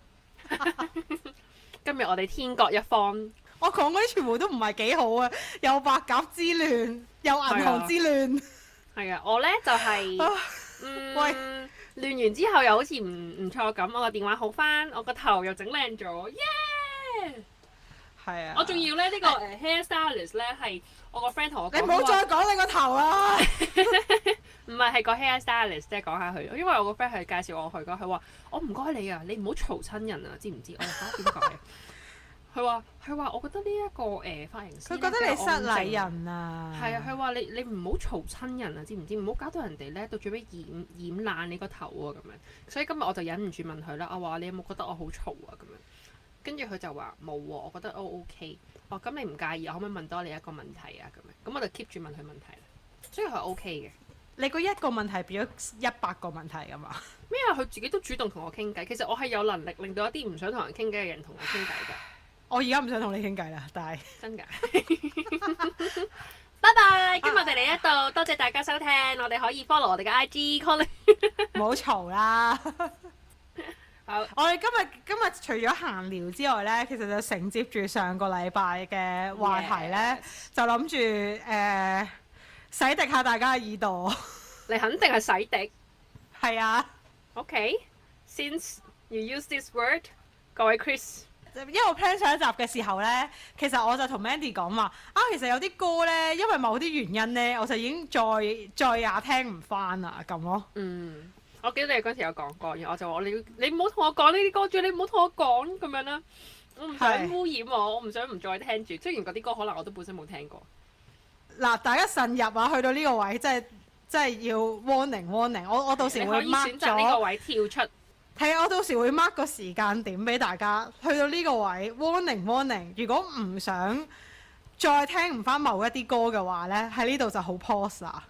(laughs) (laughs) 今日我哋天各一方，我講嗰啲全部都唔係幾好啊！有白鴿之亂，有銀行之亂，係啊，啊！我呢就係、是， (laughs) 嗯、喂，亂完之後又好似唔唔錯咁，我個電話好返，我個頭又整靚咗，耶！係啊，我仲要咧呢、呢個、欸啊、hair stylist 咧係我個 friend 同我講，你唔好再講你個頭啊！ (laughs) (laughs) 唔係係個 hair stylist 即係，講下佢，因為我個 friend 佢介紹我去噶。佢話：我唔該你啊，你唔好嘈親人啊，知唔知？ (laughs) 我話：點講？佢話：佢話我覺得呢、這、一個誒、呃、髮型佢覺得你失禮人啊，係啊。佢話 (music) 你你唔好嘈親人啊，知唔知？唔好搞到人哋咧，到最尾染染爛你個頭喎、啊、咁樣。所以今日我就忍唔住問佢啦。我、啊、話：你有冇覺得我好嘈啊？咁樣跟住佢就話冇喎，我覺得我 OK。哦，咁你唔介意，我可唔可以問多你一個問題啊？咁樣咁我就 keep 住問佢問，問，問題，所以佢 OK 嘅。你個一個問題變咗一百個問題㗎嘛？咩啊？佢自己都主動同我傾偈，其實我係有能力令到一啲唔想同人傾偈嘅人同 (laughs) 我傾偈㗎。我而家唔想同你傾偈啦，但係真㗎。拜拜！ (laughs) (laughs) (laughs) 今日我哋嚟到。多謝大家收聽。我哋可以 follow 我哋嘅 IG，call 你。唔 (laughs) 好嘈啦。我哋今日今日除咗閒聊之外呢，其實就承接住上個禮拜嘅話題呢，Yes. 就諗住誒。呃洗滌下大家嘅耳朵， (laughs) 你肯定係洗滌，係啊。OK，since you use this word，各位 Chris，因為我 plan 上一集嘅時候呢，其實我就同 Mandy 講話啊，其實有啲歌呢，因為某啲原因呢，我就已經再再也聽唔翻啦咁咯。嗯，我記得你哋嗰陣時有講過，然後我就話你你唔好同我講呢啲歌，住你唔好同我講咁樣啦，我唔想污染我，是我唔想唔再聽住。雖然嗰啲歌可能我都本身冇聽過。嗱，大家慎入啊！去到呢個位，即係即係要 warning，warning。我我到時會 mark 咗。你可以選擇呢個位跳出。係啊，我到時會 mark 個時間點俾大家。去到呢個位，warning，warning。如果唔想再聽唔翻某一啲歌嘅話呢，喺呢度就好 pause 啊。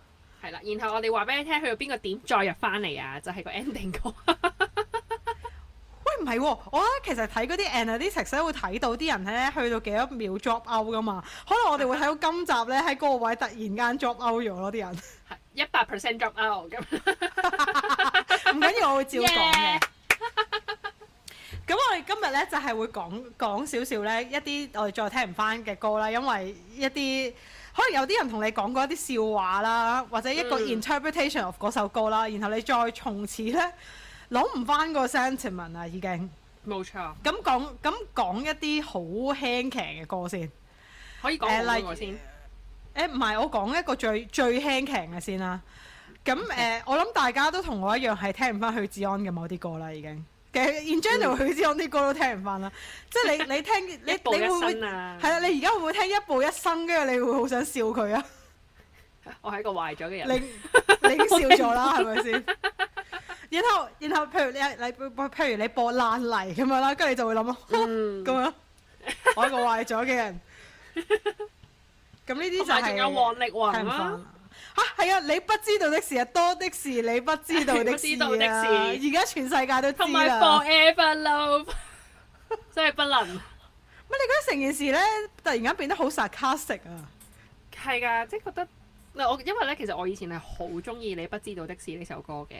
係啦，然後我哋話俾你聽，去到邊個點再入翻嚟啊？就係個 ending 歌。 (laughs) 唔係喎，我覺得其實睇嗰啲 analytics 咧會睇到啲人咧去到幾多秒 drop out 噶嘛。可能我哋會睇到今集咧喺個位突然間 drop out 咗咯，啲人係一百 percent drop out 咁。唔緊要，我會照講嘅。咁 Yeah. (laughs) 我哋今日咧就係、是、會講講少少咧一啲我哋再聽唔翻嘅歌啦，因為一啲可能有啲人同你講過一啲笑話啦，或者一個 interpretation of 首歌啦，mm. 然後你再從此咧，諗唔翻個 sentiment 啊，已經冇錯。咁講咁講一啲好輕鬆嘅歌先，可以講邊個先？誒唔係，我講一個最最輕鬆嘅先啦。咁、嗯、誒、呃，我諗大家都同我一樣，係聽唔翻許志安嘅某啲歌啦，已經嘅。In general、嗯、許志安啲歌都聽唔翻啦。即係你你聽你你，你會唔會係 (laughs) 啊？你而家會唔會聽一步一生，跟住你會好想笑佢啊？ (laughs) 我係一個壞咗嘅人 (laughs) (laughs) 你，你已經笑咗啦，係咪先？然後，然後，譬如你，你播譬如你播爛泥咁樣啦，跟住你就會諗咯，咁樣我一個壞咗嘅人咁呢啲就仲有，有王力宏啊，嚇係啊，啊！你不知道的事、啊、多的是，你不知道的事，知道的事，而家全世界都知啦，同埋 Forever Love，真係不能乜？你覺得成件事咧，突然間變得好 sarcastic 啊？係㗎，即係覺得嗱，我因為咧，其實我以前係好中意《你不知道的事》呢首歌嘅。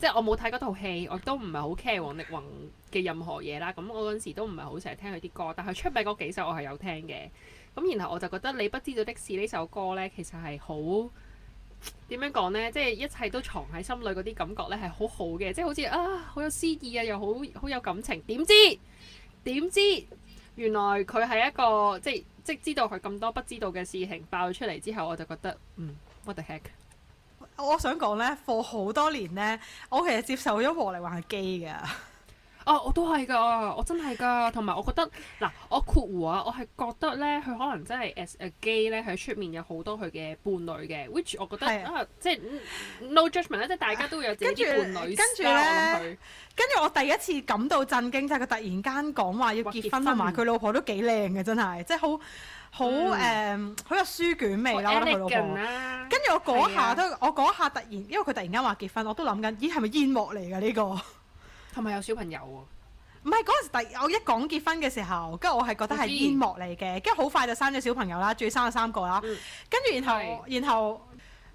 即係我冇睇嗰套戲，我都唔係好 care 王力宏嘅任何嘢啦。咁我嗰陣時都唔係好成日聽佢啲歌，但係出名嗰幾首我係有聽嘅。咁然後我就覺得《你不知道的事》呢首歌呢，其實係好點樣講呢？即係一切都藏喺心裏嗰啲感覺呢，係好好嘅。即係好似啊，好有詩意啊，又好好有感情。點知點知，原來佢係一個即係即知道佢咁多不知道嘅事情爆出嚟之後，我就覺得嗯，what the heck？我想講咧，放好多年咧，我其實接受咗和力玩基嘅。哦、啊，我都係噶，我真係噶，同埋我覺得嗱、啊，我括弧啊，我係覺得咧，佢可能真係 as a gay 咧喺出面有好多佢嘅伴侶嘅。Which 我覺得的、啊、即係 no judgment 即係大家都有自己伴侶、啊。跟住咧，跟住我，我第一次感到震驚，就係、是、佢突然間講話要結婚，同埋佢老婆都幾靚嘅，真係即係好。好誒，好很、嗯嗯、有書卷味啦，佢老婆。跟住、啊、我嗰下都，啊、我下突然，因為佢突然間話結婚，我都諗緊，咦係咪煙幕嚟㗎呢個？同 (laughs) 咪有小朋友唔係嗰陣時，我一講結婚嘅時候，跟住我係覺得係煙幕嚟嘅，跟住好快就生咗小朋友啦，最生咗三個啦。跟住然後，然後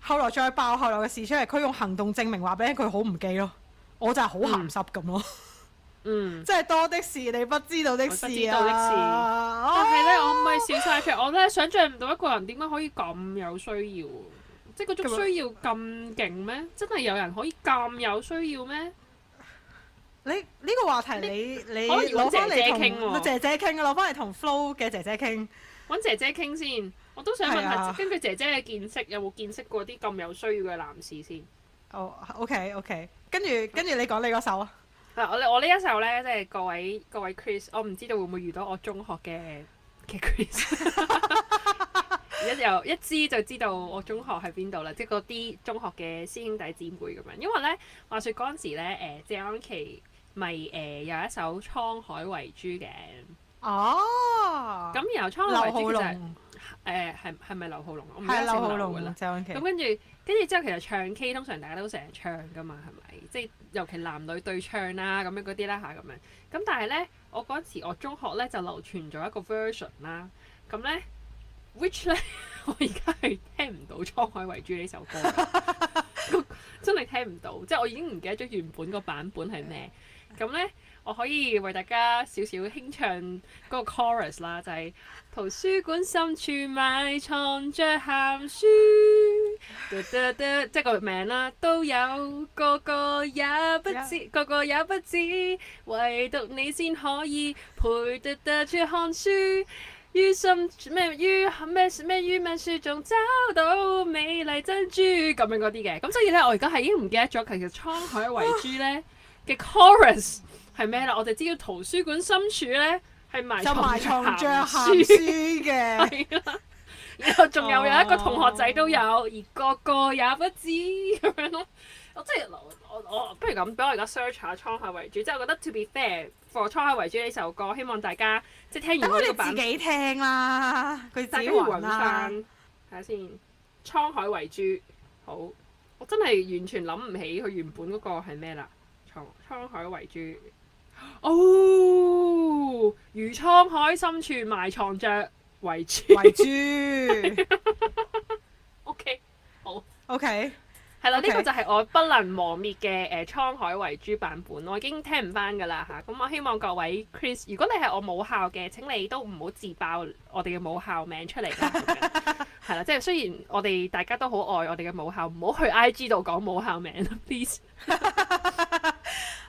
後來再爆後來嘅事出嚟，佢用行動證明話俾佢好唔記咯。我就係好鹹濕咁咯。嗯 (laughs) 嗯，即係多的是你不知道的事啊！但係咧，我唔係笑晒。其實，我咧想像唔到一個人點解可以咁有需要即係嗰種需要咁勁咩？真係有人可以咁有需要咩？你呢個話題，你你可以攞翻嚟同姐姐傾啊，攞翻嚟同 Flow 嘅姐姐傾，揾姐姐傾先。我都想問下，根據姐姐嘅見識，有冇見識過啲咁有需要嘅男士先？哦，OK，OK，跟住跟住你講你嗰首啊！啊！我我呢一首咧，即係各位各位 Chris，我唔知道會唔會遇到我中學嘅嘅 Chris， (laughs) (laughs) 一由一知就知道我中學喺邊度啦，即係嗰啲中學嘅師兄弟姊妹咁樣。因為咧話説嗰陣時咧，誒、呃、謝安琪咪誒有一首為《滄、啊、海遺珠》嘅哦，咁然後《滄海遺珠》就誒係係咪劉浩龍？我唔記得係劉浩龍啦。咁跟住跟住之後，後後其實唱 K 通常大家都成日唱噶嘛，係咪？即係尤其男女對唱、啊、嗰啲啦，咁樣嗰啲啦嚇咁樣。咁但係咧，我嗰陣時我中學咧就流傳咗一個 version 啦。咁咧，which 咧， (laughs) 我而家係聽唔到《滄海遺珠》呢首歌， (laughs) (laughs) 真係聽唔到。即、就、係、是、我已經唔記得咗原本個版本係咩。咁咧。 (laughs) 我可以為大家少少輕唱嗰個 chorus 啦，就係、是、圖書館深處埋藏着鹹書，即係個名啦、啊，都有個個也不知，個個也不知，唯獨你先可以陪著讀書看書。於心咩於咩咩於萬書仲找到美麗珍珠咁樣嗰啲嘅，咁所以呢，我而家係已經唔記得咗，其實倉為《滄海遺珠》呢嘅 chorus。係咩啦？我哋知道圖書館深處咧係埋藏著書嘅，然後仲有有一個同學仔都有，而個個也不知咁樣咯。我即係我我不如咁，俾我而家 search 下《滄海遺珠》。之後覺得 to be fair，for《for 滄海遺珠》呢首歌，希望大家即係聽完。等我哋自己聽啦，佢自己會揾翻。睇下先，《滄海遺珠》好，我真係完全諗唔起佢原本嗰個係咩啦，倉《滄滄海遺珠》。哦，oh, 如滄海深處埋藏着遺珠，遺珠。OK，好，OK，係啦，呢個就係我不能磨滅嘅，誒，滄海遺珠版本，我已經聽唔返㗎啦吓。咁我希望各位 Chris，如果你係我母校嘅，請你都唔好自爆我哋嘅母校名出嚟啦。係啦， (laughs) (laughs) (laughs) 即係雖然我哋大家都好愛我哋嘅母校，唔好去 IG 度講母校名，please。 (laughs)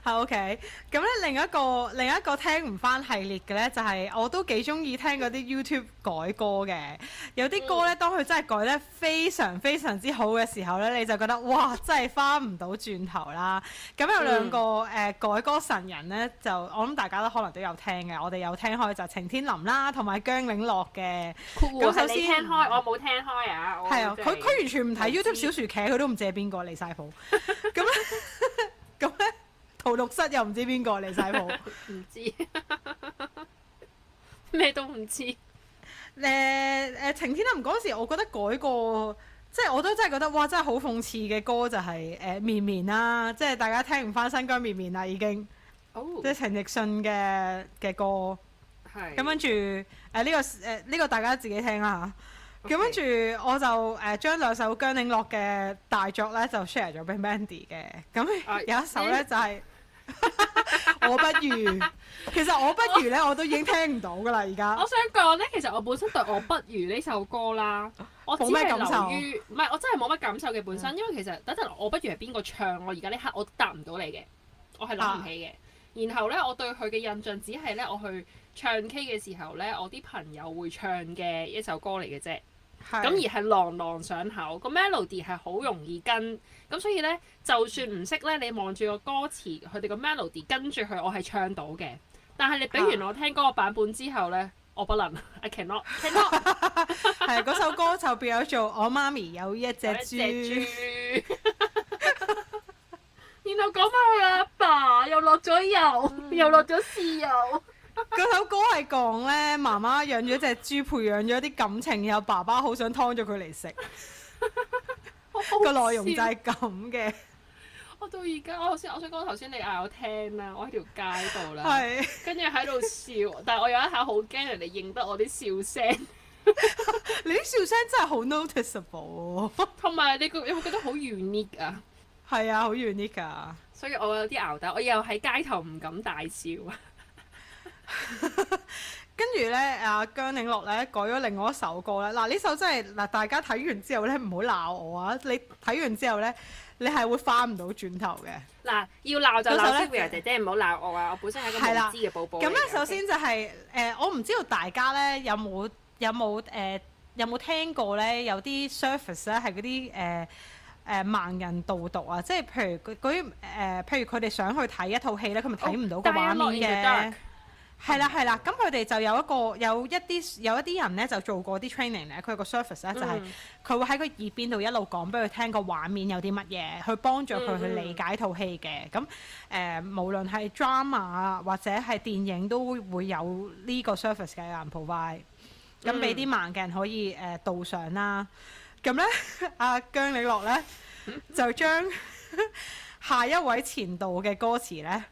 係 OK，咁咧另一個另一個聽唔翻系列嘅咧，就係、是、我都幾中意聽嗰啲 YouTube 改歌嘅。有啲歌咧，嗯、當佢真係改得非常非常之好嘅時候咧，你就覺得哇，真係翻唔到轉頭啦。咁有兩個誒、嗯呃、改歌神人咧，就我諗大家都可能都有聽嘅。我哋有聽開就晴天林啦，同埋姜永樂嘅。咁、哦、首先，聽開我冇聽開啊。係啊，佢佢完全唔睇 YouTube 小薯茄，佢都唔識邊個嚟晒譜。咁咧，咁咧。陶六室又唔知邊個嚟洗帽？唔 (laughs) (laughs) 不知，道笑知 uh, uh,，咩都唔知。誒誒，晴天都唔講我覺得改過，即、就、係、是、我都真係覺得，哇！真係好諷刺嘅歌就係、是、誒《綿、呃、綿》啦、啊，即係大家聽唔翻新歌綿綿》啦，已經。Oh. 即係陳奕迅嘅嘅歌。係是。咁跟住誒呢個誒呢、uh, 個大家自己聽啦嚇。咁跟住我就誒將、uh, 兩首姜嶺樂嘅大作咧就 share 咗俾 Mandy 嘅。咁、嗯、 (laughs) 有一首咧就係。 (laughs) 我不如， (laughs) 其實我不如咧，我都已經聽唔到噶啦，而家。我想講咧，其實我本身對我不如呢首歌啦， (laughs) 我冇乜感受。唔係，我真係冇乜感受嘅本身，嗯、因為其實等陣我不如係邊個唱？我而家呢刻我答唔到你嘅，我係諗唔起嘅。啊、然後咧，我對佢嘅印象只係咧，我去唱 K 嘅時候咧，我啲朋友會唱嘅一首歌嚟嘅啫。咁是而係朗朗上口，個 melody 係好容易跟，咁所以呢，就算唔識呢，你望住個歌詞，佢哋個 melody 跟住佢，我係唱到嘅。但係你俾完我聽嗰個版本之後呢， (laughs) 我不能，I cannot，cannot。嗰首歌就變咗做我媽咪有一隻豬，然後講翻佢阿爸又落咗油，又落咗豉油。嗰 (laughs) 首歌係講咧，媽媽養咗隻豬，培養咗啲感情，然後爸爸想 (laughs) 好想劏咗佢嚟食。個內容就係咁嘅。我到而家，我先，我想講頭先你嗌我聽啦，我喺條街度啦，跟住喺度笑， (laughs) 但係我有一下好驚人哋認得我啲笑聲。 (laughs) (laughs) 你啲笑聲真係好 noticeable，同埋 (laughs) 你覺有冇覺得好 unique 啊？係 (laughs) 啊，好 unique 噶、啊。所以我有啲熬膽，我又喺街頭唔敢大笑。跟住咧，阿 (laughs) 姜穎樂咧改咗另外一首歌啦。嗱，呢首真係嗱，大家睇完之後咧，唔好鬧我啊！你睇完之後咧，你係會返唔到轉頭嘅。嗱，要鬧就鬧咧，姐姐唔好鬧我啊！我本身係一個未知嘅寶寶。咁咧，首先就係、是、誒、呃，我唔知道大家咧有冇有冇誒、呃、有冇聽過咧？有啲 service 咧係嗰啲誒誒盲人導讀啊，即係譬如啲誒、那個呃，譬如佢哋想去睇一套戲咧，佢咪睇唔到個畫面嘅。Oh, 係啦，係啦，咁佢哋就有一個，有一啲，有一啲人咧就做過啲 training 咧，佢個 service 咧就係、是、佢會喺個耳邊度一路講俾佢聽個畫面有啲乜嘢，去幫助佢去理解套戲嘅。咁誒、嗯哼呃，無論係 drama 或者係電影都會有呢個有 service 嘅 provide。咁俾啲盲嘅人可以誒導、呃、上啦。咁咧，阿、 (laughs) 啊、姜利樂咧就將 (laughs) 下一位前度嘅歌詞咧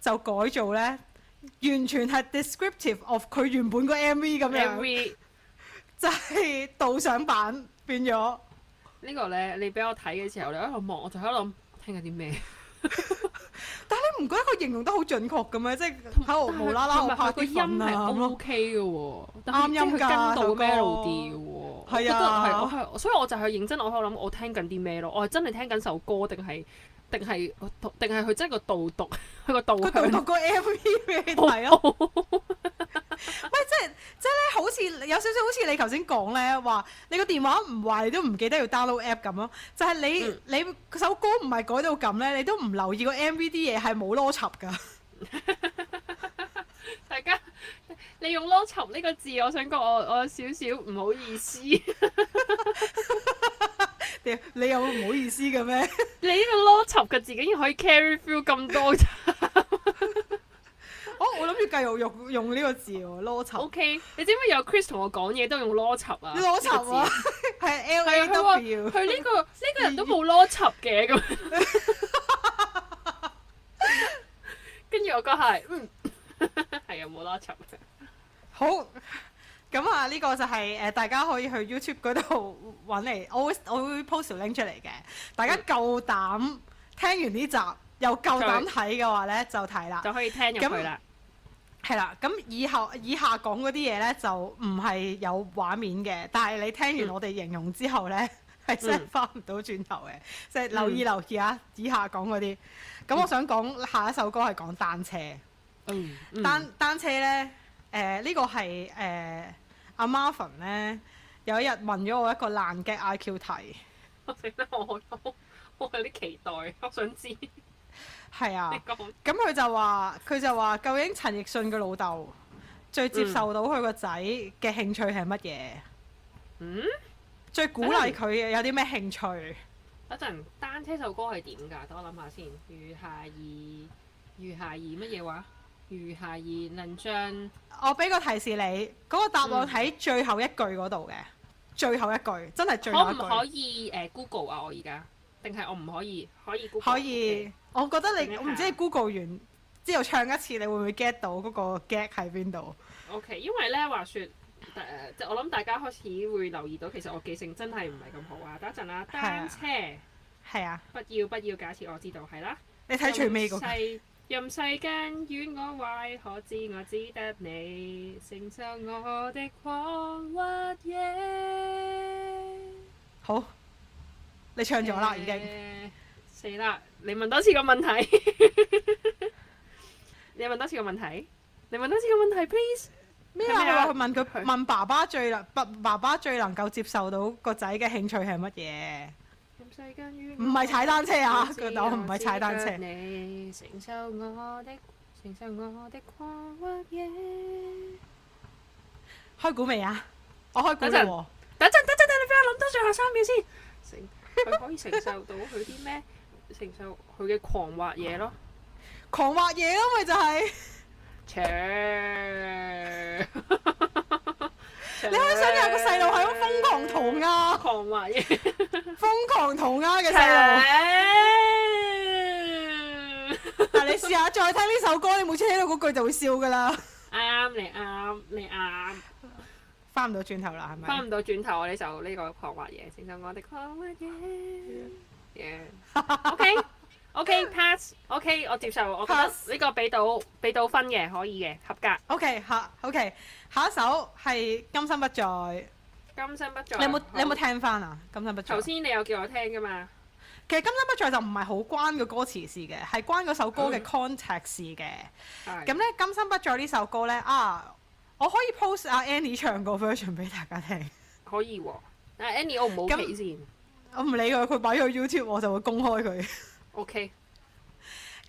就改造咧。完全係 descriptive of 佢原本個 MV 咁樣， (laughs) 就係導賞版變咗。呢個咧，你俾我睇嘅時候，你喺度望，我就喺度諗聽緊啲咩？ (laughs) 但係你唔覺得佢形容得好準確嘅咩？即係無啦啦拍個音係 OK 嘅喎，啱音跟到 melody 嘅喎。係歌啊，係我係，所以我就係認真，我喺度諗我聽緊啲咩咯？我係真係聽緊首歌定係？定係定係佢真係個盜讀，佢個盜。個盜讀個 M V 俾你睇喂、啊 oh, oh. (laughs) (laughs) 即係即係咧，好似有少少好似你頭先講咧話，你個電話唔壞，你都唔記得要 download app 咁咯。就係、是、你、嗯、你首歌唔係改到咁咧，你都唔留意個 M V 啲嘢係冇邏輯噶。 (laughs) (laughs) 大家，你用邏輯呢個字，我想講我我有少少唔好意思。 (laughs) (laughs) 你又唔好意思嘅咩？ (laughs) 你呢個邏輯嘅字竟然可以 carry feel 咁多字？ (laughs) 哦、我諗住繼續用用呢個字喎，邏輯。O、okay. K，你知唔知有 Chris 同我講嘢都係用邏輯啊？邏輯、啊、字係 (laughs) L A W。佢呢、呢個呢、呢個人都冇邏輯嘅咁。二 (laughs) 跟住我個係嗯，係啊冇邏輯。好。咁啊，呢、這個就係、是、誒、呃，大家可以去 YouTube 嗰度揾嚟，我會我會 post link 出嚟嘅。大家夠膽聽完呢集，又夠膽睇嘅話呢，就睇啦，就可以聽咁去啦。係啦，咁以後以下講嗰啲嘢呢，就唔係有畫面嘅，但係你聽完我哋形容之後呢，係真係翻唔到轉頭嘅，即係、 (laughs) 嗯、留意留意啊。以下講嗰啲，咁我想講下一首歌係講單車。嗯，嗯單單車咧，呢、呃這個係誒。呃阿 Marvin 咧有一日問咗我一個爛嘅 IQ 題，我整得我好，我有啲期待，我想知。係 (laughs) 啊，咁佢說就話，佢就話，究竟陳奕迅嘅老豆最接受到佢個仔嘅興趣係乜嘢？嗯，最鼓勵佢嘅有啲咩興趣？嗯、等一陣單車首歌係點㗎？等我諗下先。余孩兒，余孩兒乜嘢話？如下而能將我俾個提示你，嗰、那個答案喺最後一句嗰度嘅，最後一句真係最後一句。可唔可以誒、呃、Google 啊？我而家定係我唔可以？可以 Google？可以。okay? 我覺得你我唔知你 Google 完之後唱一次，你會唔會 get 到嗰個 gag 喺邊度？OK，因為咧話説誒，即、呃、係我諗大家開始會留意到，其實我記性真係唔係咁好啊。等一陣啊，單車係啊，啊不要不要，不要，假設我知道係啦。你睇最尾嗰個 (laughs) 任世間怨我壞，可知我只得你承受我的狂或野。好，你唱咗啦，欸、已經死啦！你問,問 (laughs) 你問多次個問題，你問多次個問題，你麼問多次個問題，please 咩啊？你問佢問爸爸最爸爸爸最能夠接受到個仔嘅興趣係乜嘢？唔係踩單車啊！我唔係踩單車。你承受我啲，承受我啲狂畫嘢。開估未啊？我開估啦。等陣，等陣，等你俾我諗多最後三秒先。佢可以承受到佢啲咩？承受佢嘅狂畫嘢咯，狂畫嘢咯，咪就係。你可以想象個細路係喺瘋狂塗鴉，狂畫嘢，瘋狂塗鴉嘅細路。嗱 (laughs) (laughs) (laughs) 你試下再聽呢首歌，你每次聽到嗰句就會笑㗎啦。啱、嗯，你、嗯、啱，你、嗯、啱，翻唔到轉頭啦，係咪？翻唔到轉頭啊！呢首呢個狂畫嘢，先首我哋。狂畫嘢。OK。O、okay, K pass O、okay, K (laughs) 我接受，Pass. 我覺得呢個俾到俾到分嘅，可以嘅合格。O、okay, K 下 O、okay, K 下一首係《今生不再》，《今生不再》你有冇好你有冇聽翻啊？《今生不再》頭先你有叫我聽噶嘛？其實《今生不再》就唔係好關個歌詞事嘅，係關嗰首歌嘅 context 事嘅。咁咧、嗯，呢《今生不再》呢首歌咧啊，我可以 post 阿、啊、Annie 唱個 version 俾大家聽。 (laughs) 可以喎、啊，但 Annie 我唔好俾我唔理佢，佢擺喺 YouTube 我就會公開佢。O K，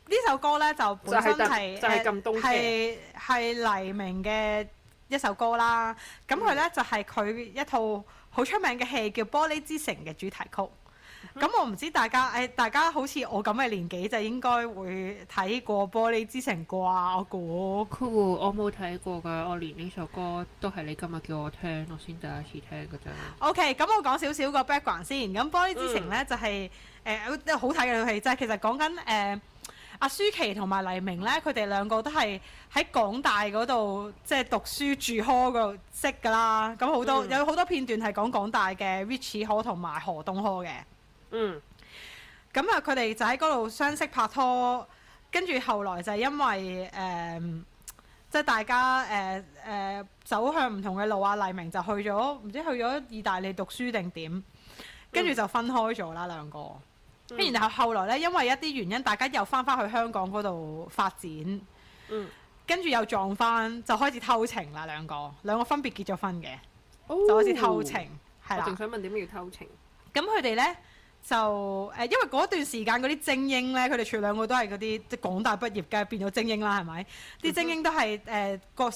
呢首歌咧就本身係係係黎明嘅一首歌啦。咁佢咧就係佢一套好出名嘅戲叫《玻璃之城》嘅主題曲。咁、 (noise) 嗯、我唔知大家誒，大家好似我咁嘅年紀就應該會睇過《玻璃之城》啩？我估我冇睇過㗎，我連呢首歌都係你今日叫我聽，我先第一次聽㗎啫。OK，咁我講少少個 background 先。咁《玻璃之城》呢就係、是、誒、呃、好睇嘅套戲，即、就、係、是、其實講緊誒阿舒淇同埋黎明呢，佢哋兩個都係喺港大嗰度即係讀書住 hall 嗰度識㗎啦。咁好多、嗯、有好多片段係講港大嘅 Richie hall 同埋何東 hall 嘅。嗯，咁啊，佢哋就喺嗰度相識拍拖，跟住後來就係因為誒、呃，即係大家誒誒、呃呃、走向唔同嘅路。啊，黎明就去咗唔知去咗意大利讀書定點，跟住就分開咗啦兩個。嗯、然後後來咧，因為一啲原因，大家又翻翻去香港嗰度發展。嗯，跟住又撞翻就開始偷情啦。兩個兩個分別結咗婚嘅，就開始偷情係啦。我仲、哦、想問點解要偷情？咁佢哋咧？就誒、呃，因為嗰段時間嗰啲精英咧，佢哋全兩個都係嗰啲廣大畢業嘅，變咗精英啦，係咪？啲 (music) 精英都係誒、呃，各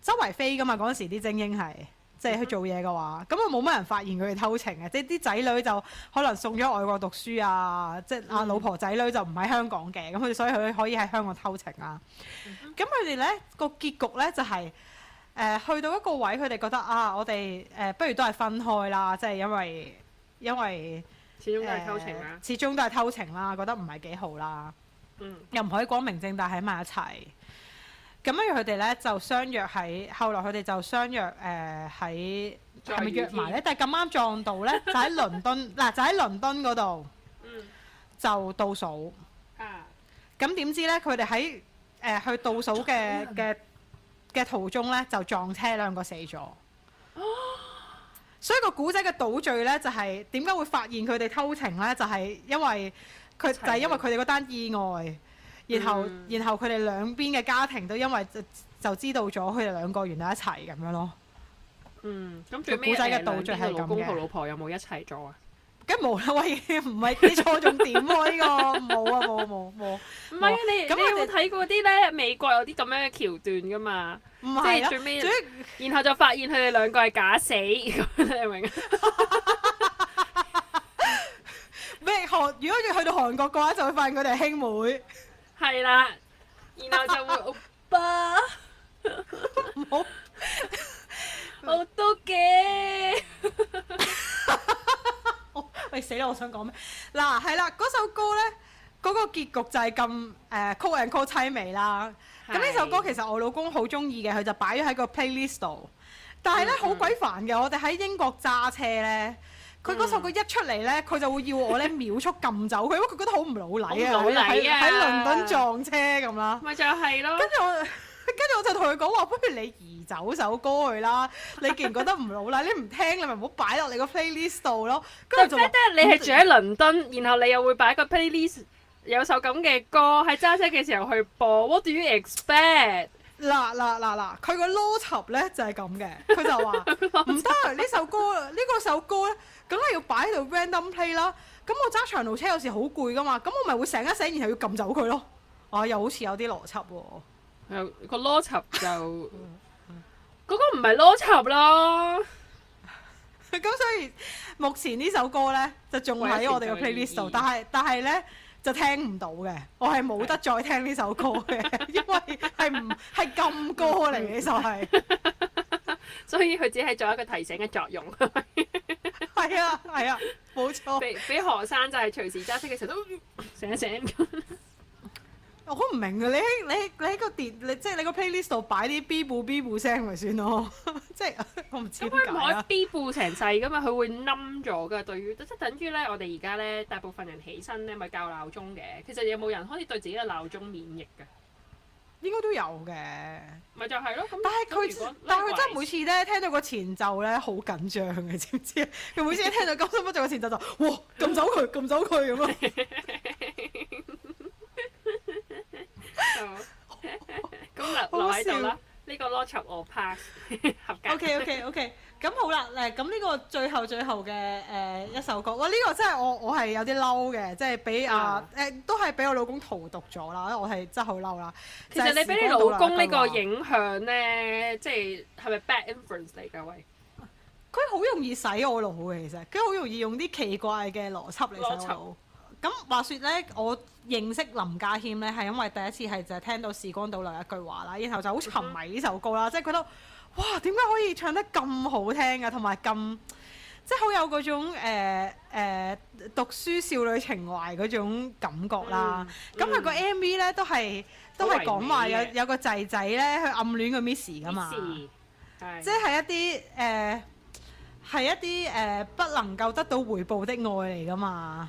周圍飛㗎嘛。嗰陣時啲精英係即係去做嘢嘅話，咁啊冇乜人發現佢哋偷情嘅，即係啲仔女就可能送咗外國讀書啊， (music) 即係、啊、阿老婆仔女就唔喺香港嘅，咁、嗯、佢所以佢可以喺香港偷情啊。咁佢哋咧個結局咧就係、是、誒、呃、去到一個位，佢哋覺得啊，我哋誒不如都係分開啦，即係因為因為。因為因為始終都係偷情啦、啊呃，始終都係偷情啦、啊，覺得唔係幾好啦。嗯，又唔可以光明正大喺埋一齊。咁跟住佢哋咧就相約喺，後來佢哋就相約誒喺，係、呃、咪約埋咧？但係咁啱撞到咧， (laughs) 就喺倫敦，嗱、 (laughs) 啊、就喺倫敦嗰度，就倒數。啊！咁點知咧？佢哋喺誒去倒數嘅嘅嘅途中咧，就撞車，兩個死咗。所以個古仔嘅倒敘呢，就係點解會發現佢哋偷情呢？就係、是、因為佢就係、是、因為佢哋嗰單意外，然後、嗯、然後佢哋兩邊嘅家庭都因為就，就知道咗佢哋兩個原來一齊咁樣咯。嗯，咁古仔嘅倒敘係老公同老婆有冇一齊咗啊？咁冇啦，喂！唔係你錯重點喎，呢個冇啊冇冇冇！唔係啊，你咁你有冇睇過啲咧？美國有啲咁樣嘅橋段噶嘛？唔係最尾，然後就發現佢哋兩個係假死，明唔明？咩韓？如果要去到韓國嘅話，就會發現佢哋係兄妹。係啦，然後就會不冇好多嘅。誒死啦！我想講咩？嗱，係啦，嗰首歌咧，嗰、嗰個結局就係咁誒，call and call 悽美啦。咁、呃、呢是、嗯、首歌其實我老公好中意嘅，佢就擺咗喺個 playlist 度。但係咧，好鬼煩嘅，我哋喺英國揸車咧，佢嗰、嗯、首歌一出嚟咧，佢就會要我咧秒速撳走佢， (laughs) 因為佢覺得好唔老禮啊！老禮啊，喺倫敦撞車咁啦，咪就係咯。后 (laughs) 跟住我就同佢講話，不如你移走首歌去啦。你既然覺得唔老啦，你唔聽你咪唔好擺落你個 playlist 度咯。跟住即係你係住喺倫敦，然後你又會擺個 playlist 有首咁嘅歌喺揸車嘅時候去播。What do you expect？嗱嗱嗱嗱，佢個邏輯咧就係咁嘅。佢就話唔得，呢首歌呢個首歌咧，梗係要擺喺度 random play 啦。咁我揸長路車有時好攰噶嘛，咁我咪會醒一醒然後要撳走佢咯。啊，又好似有啲邏輯喎。有個邏輯就嗰個唔係邏輯咯，咁所以目前呢首歌咧就仲喺我哋嘅 playlist 度，但係但係咧就聽唔到嘅，我係冇得再聽呢首歌嘅，因為係唔係禁歌嚟嘅就係，所以佢只係做一個提醒嘅作用。係啊係啊，冇錯。俾俾何生就係隨時揸車嘅時候都醒一醒。我好唔明啊！你喺你喺你喺個電，你即係你個 playlist 度擺啲 B 步 B 步聲咪算咯，即 (laughs) 係我唔知點解咁佢唔可以 B 步成世㗎嘛，佢 (laughs) 會冧咗㗎。對於即等於咧，我哋而家咧大部分人起身咧咪校鬧鐘嘅。其實有冇人可以對自己嘅鬧鐘免疫㗎？應該都有嘅。咪就係咯，咁他。果但係佢，但係佢真係每次咧聽到個前奏咧好緊張嘅，知唔知？佢 (laughs) 每次聽到急促不祥嘅前奏就哇撳走佢，撳走佢咁咯。 (laughs) (laughs) 咁 (laughs) 留留啦，呢 (laughs) 個邏輯我 p (laughs) 合格 okay, okay, okay.。O K O K O K，咁好啦，誒，咁呢個最後最後嘅誒、呃、一首歌，我、哦、呢、這個真係我我係有啲嬲嘅，即係俾啊誒、嗯呃、都係俾我老公荼毒咗啦，我係真係好嬲啦。其實你俾你老公呢個影響咧，即係係咪 bad inference 嚟噶？喂，佢好容易洗我腦嘅，其實佢好容易用啲奇怪嘅邏輯嚟洗腦。咁話説咧，我認識林家謙咧，係因為第一次係就係聽到《時光倒流一句話》啦，然後就好沉迷呢首歌啦，即係覺得哇，點解可以唱得咁好聽啊，同埋咁即係好有嗰種誒誒、呃呃、讀書少女情懷嗰種感覺啦。咁佢、嗯嗯、個 M V 咧都係都係講話有有個仔仔咧去暗戀個 Missy 噶嘛，即係一啲誒係一啲誒、呃、不能夠得到回報的愛嚟噶嘛。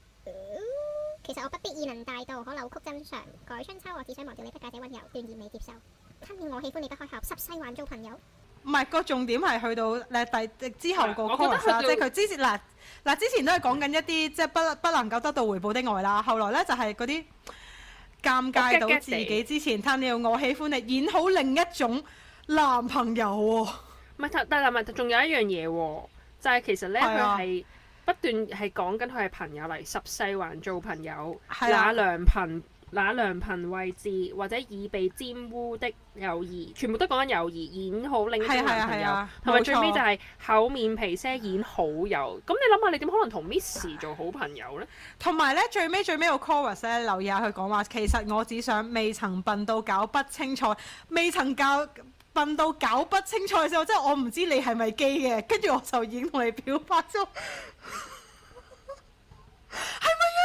嗯、其實我不必意能大度，可扭曲真相，改春秋。我只想忘掉你不介意溫柔，斷然未接受。貪戀我喜歡你不開口，十西還做朋友。唔係個重點，係去到你第之後個歌啦，即係佢之前嗱嗱，之前都係講緊一啲即係不不能夠得到回報的愛啦。後來咧就係嗰啲尷尬到自己之前貪戀我喜歡你，演好另一種男朋友。唔係、啊啊，但係問題仲有一樣嘢、喔，就係、是、其實咧佢係。啊啊啊不斷係講緊佢係朋友嚟，十四還做朋友，那的良朋、那良朋位置，或者已被玷污的友誼，全部都講緊友誼，演好另一個朋友。係啊係啊，同埋最尾就係厚面皮些演好友。咁錯你諗下，你點可能同 Miss 做好朋友呢？同埋呢，最尾最尾個 chorus 咧，留意下佢講話，其實我只想未曾笨到搞不清楚，未曾教笨到搞不清楚嘅時候，即係我唔知你係咪基嘅，跟住我就已經同你表白咗。 (laughs) 係咪啊？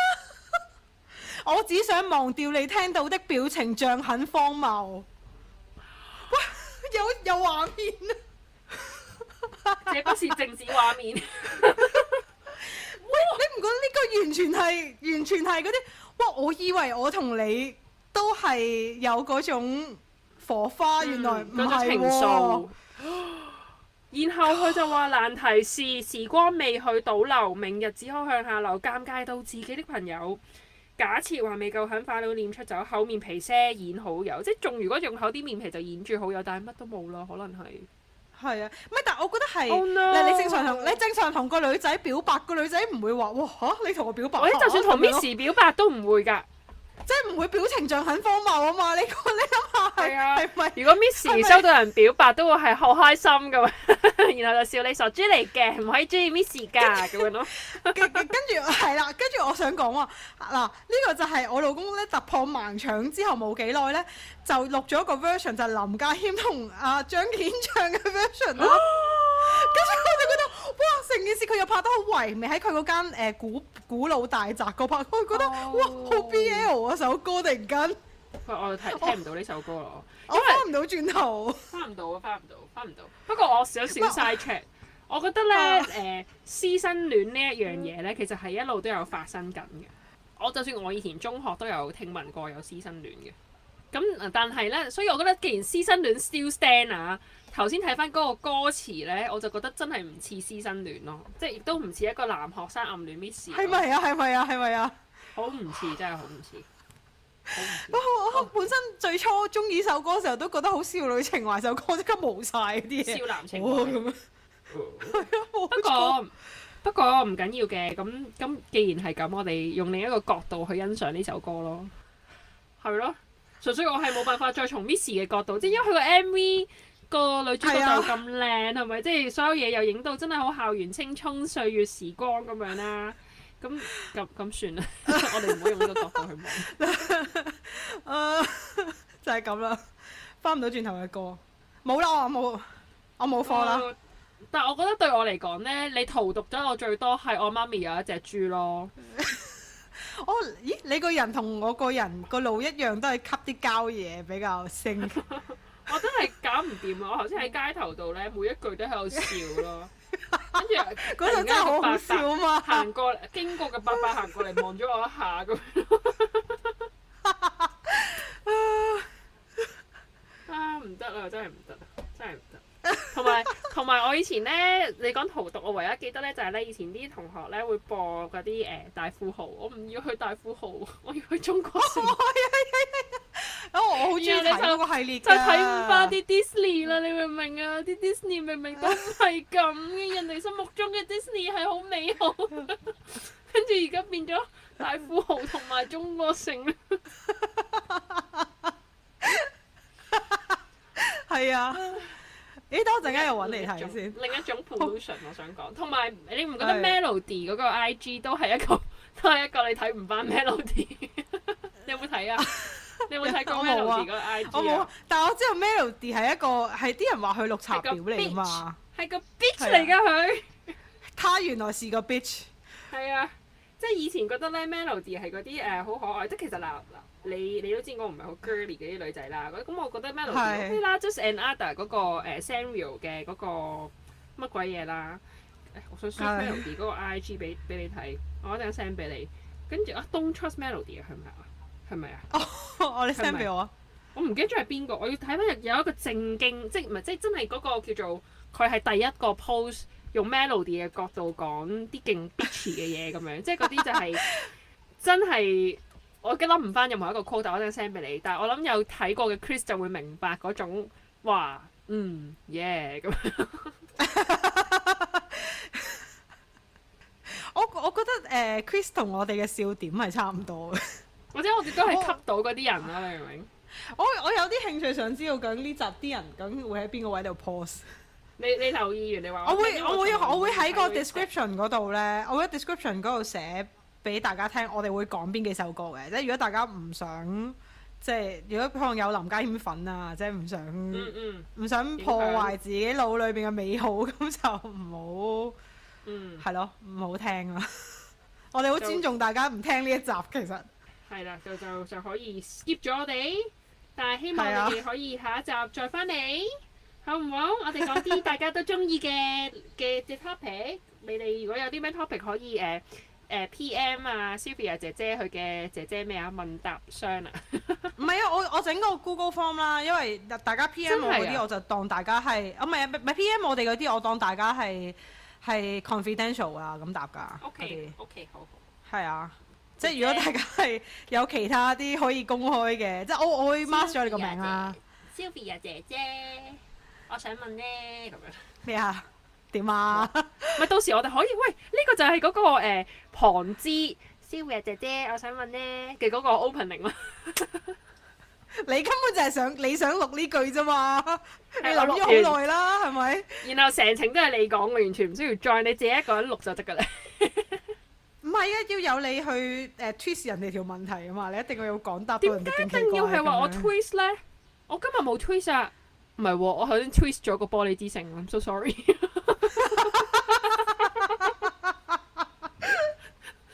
(laughs) 我只想忘掉你聽到的表情，像很荒謬。哇！有有畫面啊！ (laughs) 這不是政治畫面。 (laughs) 你唔覺得呢個完全係、完全係嗰啲？哇！我以為我同你都係有嗰種火花，嗯、原來唔係喎。嗯然後佢就話難題是時光未去倒流，明日只可向下流，尷尬到自己的朋友。假設話未夠狠快，都練出走厚面皮，遮演好友，即係仲如果用厚啲面皮就演住好友，但係乜都冇咯，可能係。係啊，唔係，但我覺得係、oh, no.，你正常同你正常同個女仔表白，個女仔唔會話哇嚇，你同我表白。或者就算同 Miss 樣表白都唔會㗎。即係唔會表情像很荒謬啊嘛！這個、你講你諗下係係咪？啊、是是如果 Miss 收到人表白是是都會係好開心咁， (laughs) 然後就笑你傻豬嚟嘅，唔可以中意 Miss 㗎咁樣咯著、 (laughs) 啊。跟住係啦，跟住我想講喎嗱，呢、啊這個就係我老公咧突破盲腸之後冇幾耐咧，就錄咗一個 version 就係、林家謙同阿、啊、張敬軒嘅 version 啦。啊跟住 (laughs) 我就覺得，哇！成件事佢又拍得好唯美喺佢嗰間、呃、古古老大宅嗰拍，我覺得、oh. 哇，好 B L 嗰首歌突然間？喂我係聽唔到呢首歌咯，因為我翻唔到轉頭，翻唔到，翻唔到，翻唔到。 (laughs) 不過我有少少嘥 chat， (laughs) 我覺得咧誒，師、 (laughs) 呃、生戀呢一樣嘢咧，其實係一路都有發生緊嘅。 (laughs) 我就算我以前中學都有聽聞過有師生戀嘅，咁但係咧，所以我覺得既然師生戀 still stand 啊。 (laughs) 頭先睇翻嗰個歌詞呢，我就覺得真係唔似師生戀咯，即係亦都唔似一個男學生暗戀 Miss 係咪啊？係咪啊？係咪啊？好唔似，真係好唔似。不過我，我本身最初中意首歌嘅時候，都覺得好少女情懷。首歌即刻冇晒，啲少男情懷咁、哦、 (laughs) 冇錯。不過不過唔緊要嘅。咁咁既然係咁，我哋用另一個角度去欣賞呢首歌咯。係咯，純粹我係冇辦法再從 Miss 嘅角度，即係因為佢個 MV。個女主角又咁靚，係咪？即係所有嘢又影到，真係好校園青春歲月時光咁樣啦。咁咁咁算啦，我哋唔好用呢個角度去望。啊，就係咁啦，翻唔到轉頭嘅歌，冇啦，我冇，我冇貨啦。但係我覺得對我嚟講呢，你荼毒咗我最多係我媽咪有一隻豬咯。我咦？你個人同我個人個腦一樣，都係吸啲膠嘢比較勝。我真係～唔掂啊！我頭先喺街頭度咧，每一句都喺度笑咯，跟住嗰陣間個伯伯行過，經過嘅伯伯行過嚟望咗我一下咁樣，啊唔得啊，真係唔得，真係唔得。同埋同埋，我以前咧，你講荼毒，我唯一記得咧就係咧，以前啲同學咧會播嗰啲誒大富豪。我唔要去大富豪，我要去中國。 (laughs) 啊！我好中意你睇嗰個系列就睇唔翻啲 Disney 啦！你明唔明啊？啲 Disney 明明都係咁嘅，人哋心目中嘅 Disney 係好美好，跟住而家變咗大富豪同埋中國城啦。係啊！哎，等我陣間又揾你睇先。另一種 pollution 我想講，同埋你唔覺得 Melody 嗰個 IG 都係一個，都係一個你睇唔翻 Melody。你有冇睇啊？你有冇睇過 Melody 嗰個 IG？我冇啊，我冇。但我知道 Melody 係一個係啲人話佢綠茶婊嚟啊嘛，係個 bitch 嚟噶佢，的她 (laughs) 他原來是個 bitch。係啊，即係以前覺得咧，Melody 係嗰啲誒好、呃、可愛，即係其實嗱嗱你你都知我唔係好 girly 嘅啲女仔啦。咁我，我覺得 Melody、okay, 的那個呃、啦，Just another 嗰個 Sanrio 嘅嗰個乜鬼嘢啦。我想 show Melody 嗰個 IG 俾俾你睇，我一陣 send 俾你。跟住啊，Don't trust Melody，啊，係咪啊？係咪啊？是是 oh, 你我你 send 俾我啊！我唔記得咗係邊個，我要睇翻有有一個正經，即係唔係即係真係嗰個叫做佢係第一個 post 用 melody 嘅角度講啲勁 bitch 嘅嘢咁樣，即係嗰啲就係、是、 (laughs) 真係我記諗唔翻任何一個 quote 但我想 send 俾你。但係我諗有睇過嘅 Chris 就會明白嗰種哇嗯耶咁。Yeah, 樣 (laughs) (laughs) 我我覺得誒、呃、Chris 同我哋嘅笑點係差唔多嘅。或者我哋都係吸到嗰啲人啦，你明唔明？我我有啲興趣想知道究竟呢集啲人究竟會喺邊個位度 pause？你你留意完你話？我會我會我會喺個 description 嗰度咧，我會喺 description 嗰度寫俾大家聽，我哋會講邊幾首歌嘅。即係如果大家唔想，即係如果可能有林家謙粉啊，即係唔想，唔想破壞自己腦裏邊嘅美好，咁就唔好，嗯，係咯，唔好聽啦。我哋好尊重大家唔聽呢一集，其實。係啦，就就就可以 skip 咗我哋，但係希望你哋可以下一集再翻嚟， (laughs) 好唔好？我哋講啲大家都中意嘅嘅嘅 topic。你哋如果有啲咩 topic 可以誒誒、呃呃、PM 啊，Sylvia 姐姐佢嘅姐姐咩啊？問答箱啊？唔係啊，我我整個 Google Form 啦，因為大家 PM 我嗰啲，我就當大家係啊，唔係唔係 PM 我哋嗰啲，我當大家係係 confidential 啊咁答噶。O K O K，好好，係啊。即係如果大家係有其他啲可以公開嘅，即係我我會 mask 咗你個名啊姐姐。Sylvia、啊、姐姐，我想問呢，咁樣咩啊？點啊？咪到時我哋可以喂呢、呢個就係嗰、嗰個誒旁枝 Sylvia 姐姐，我想問呢嘅嗰個 opening 啦。 (laughs) 你根本就係想你想錄呢句啫嘛？的你諗咗好耐啦，係咪完？係係然後成程都係你講，我完全唔需要再你自己一個人錄就得噶啦。 (laughs) 唔係，啊，要有你去誒 twist、呃、人哋條問題啊嘛，你一定要有講答。點解一定要係話我 twist 咧、啊？我今日冇 twist 啊！唔係喎，我頭先 twist 咗個玻璃之城，so sorry。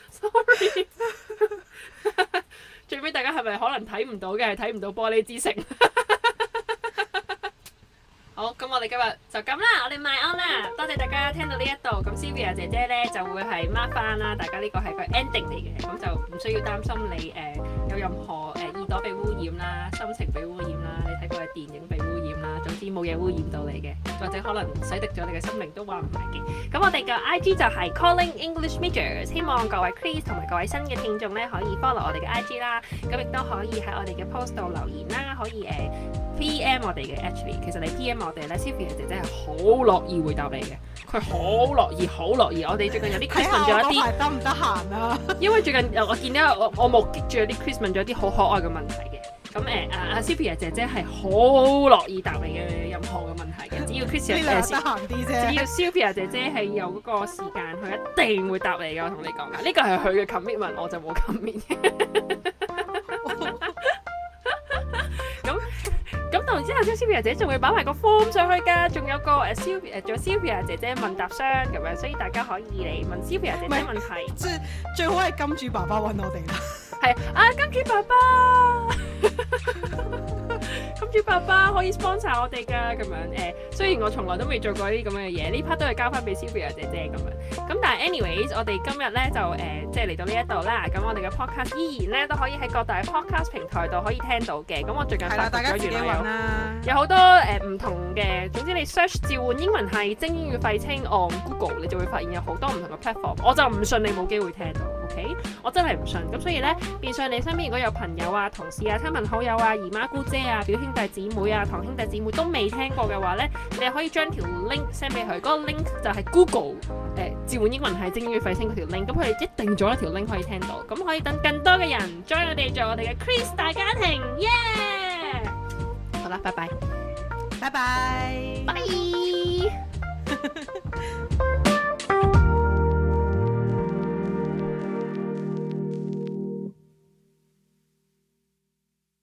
sorry。最尾大家係咪可能睇唔到嘅係睇唔到玻璃之城？好，咁我哋今日就咁啦，我哋晚安啦，多謝大家聽到呢一度，咁 Sylvia 姐姐呢就會係 Mark 返啦，大家呢個係個 Ending 嚟嘅，咁就唔需要擔心你誒、呃、有任何誒、呃、耳朵被污染啦，心情被污染啦，你睇過嘅電影。冇嘢污染到你嘅，或者可能洗滌咗你嘅生命都話唔埋嘅。咁我哋嘅 I G 就係 Calling English Majors，希望各位 Chris 同埋各位新嘅聽眾咧可以 follow 我哋嘅 I G 啦，咁亦都可以喺我哋嘅 post 度留言啦，可以誒 PM 我哋嘅 Actually，其實你 PM 我哋咧，Sylvia 姐姐係好樂意回答你嘅，佢好樂意，好樂意。我哋最近有啲 Chris 問咗一啲，得唔得閒啊？ (laughs) 因為最近我見到我我目擊住有啲 Chris 問咗啲好可愛嘅問題。咁誒啊啊 Sylvia 姐姐係好樂意答你嘅任何嘅問題嘅，只要 Chris 啊，得閒啲啫。只要 Sylvia 姐姐係有嗰個時間，佢一定會答你嘅。我同你講，呢個係佢嘅 commitment，我就冇 commit。咁咁，到時之後，Sylvia 姐姐仲會擺埋個 form 上去㗎，仲有個誒 Sylvia 誒，仲有 Sylvia 姐姐問答箱咁樣，所以大家可以嚟問 Sylvia 姐姐問題。即係最最好係金主爸爸揾我哋啦。係啊！金主爸爸。金主爸爸可以 sponsor 我哋噶，咁樣，誒，雖然我從來都未做過呢啲咁樣嘅嘢，呢 part 都係交翻俾 Sylvia 姐姐咁樣。咁但係 anyway 我哋今日呢就誒即係嚟到呢一度啦。咁我哋嘅 podcast 依然呢都可以喺各大 podcast 平台度可以聽到嘅。咁我最近發覺咗原來，有好多誒唔、呃、同嘅，總之你 search 召喚英文係精英與廢青 on、哦、Google，你就會發現有好多唔同嘅 platform。我就唔信你冇機會聽到，OK？我真係唔信。咁所以呢，變相你身邊如果有朋友啊、同事啊、親朋好友啊、姨媽姑姐啊、表兄，弟姊妹啊，堂兄弟姊妹都未聽過嘅話咧，你可以將條 link send 俾佢，嗰、那個 link 就係 Google 誒、呃，直譯英文係正宇費星嗰條 link，咁佢哋一定做咗一條 link 可以聽到，咁可以等更多嘅人 join 我哋做我哋嘅 Chris 大家庭耶！Yeah! 好啦，拜拜，拜拜拜！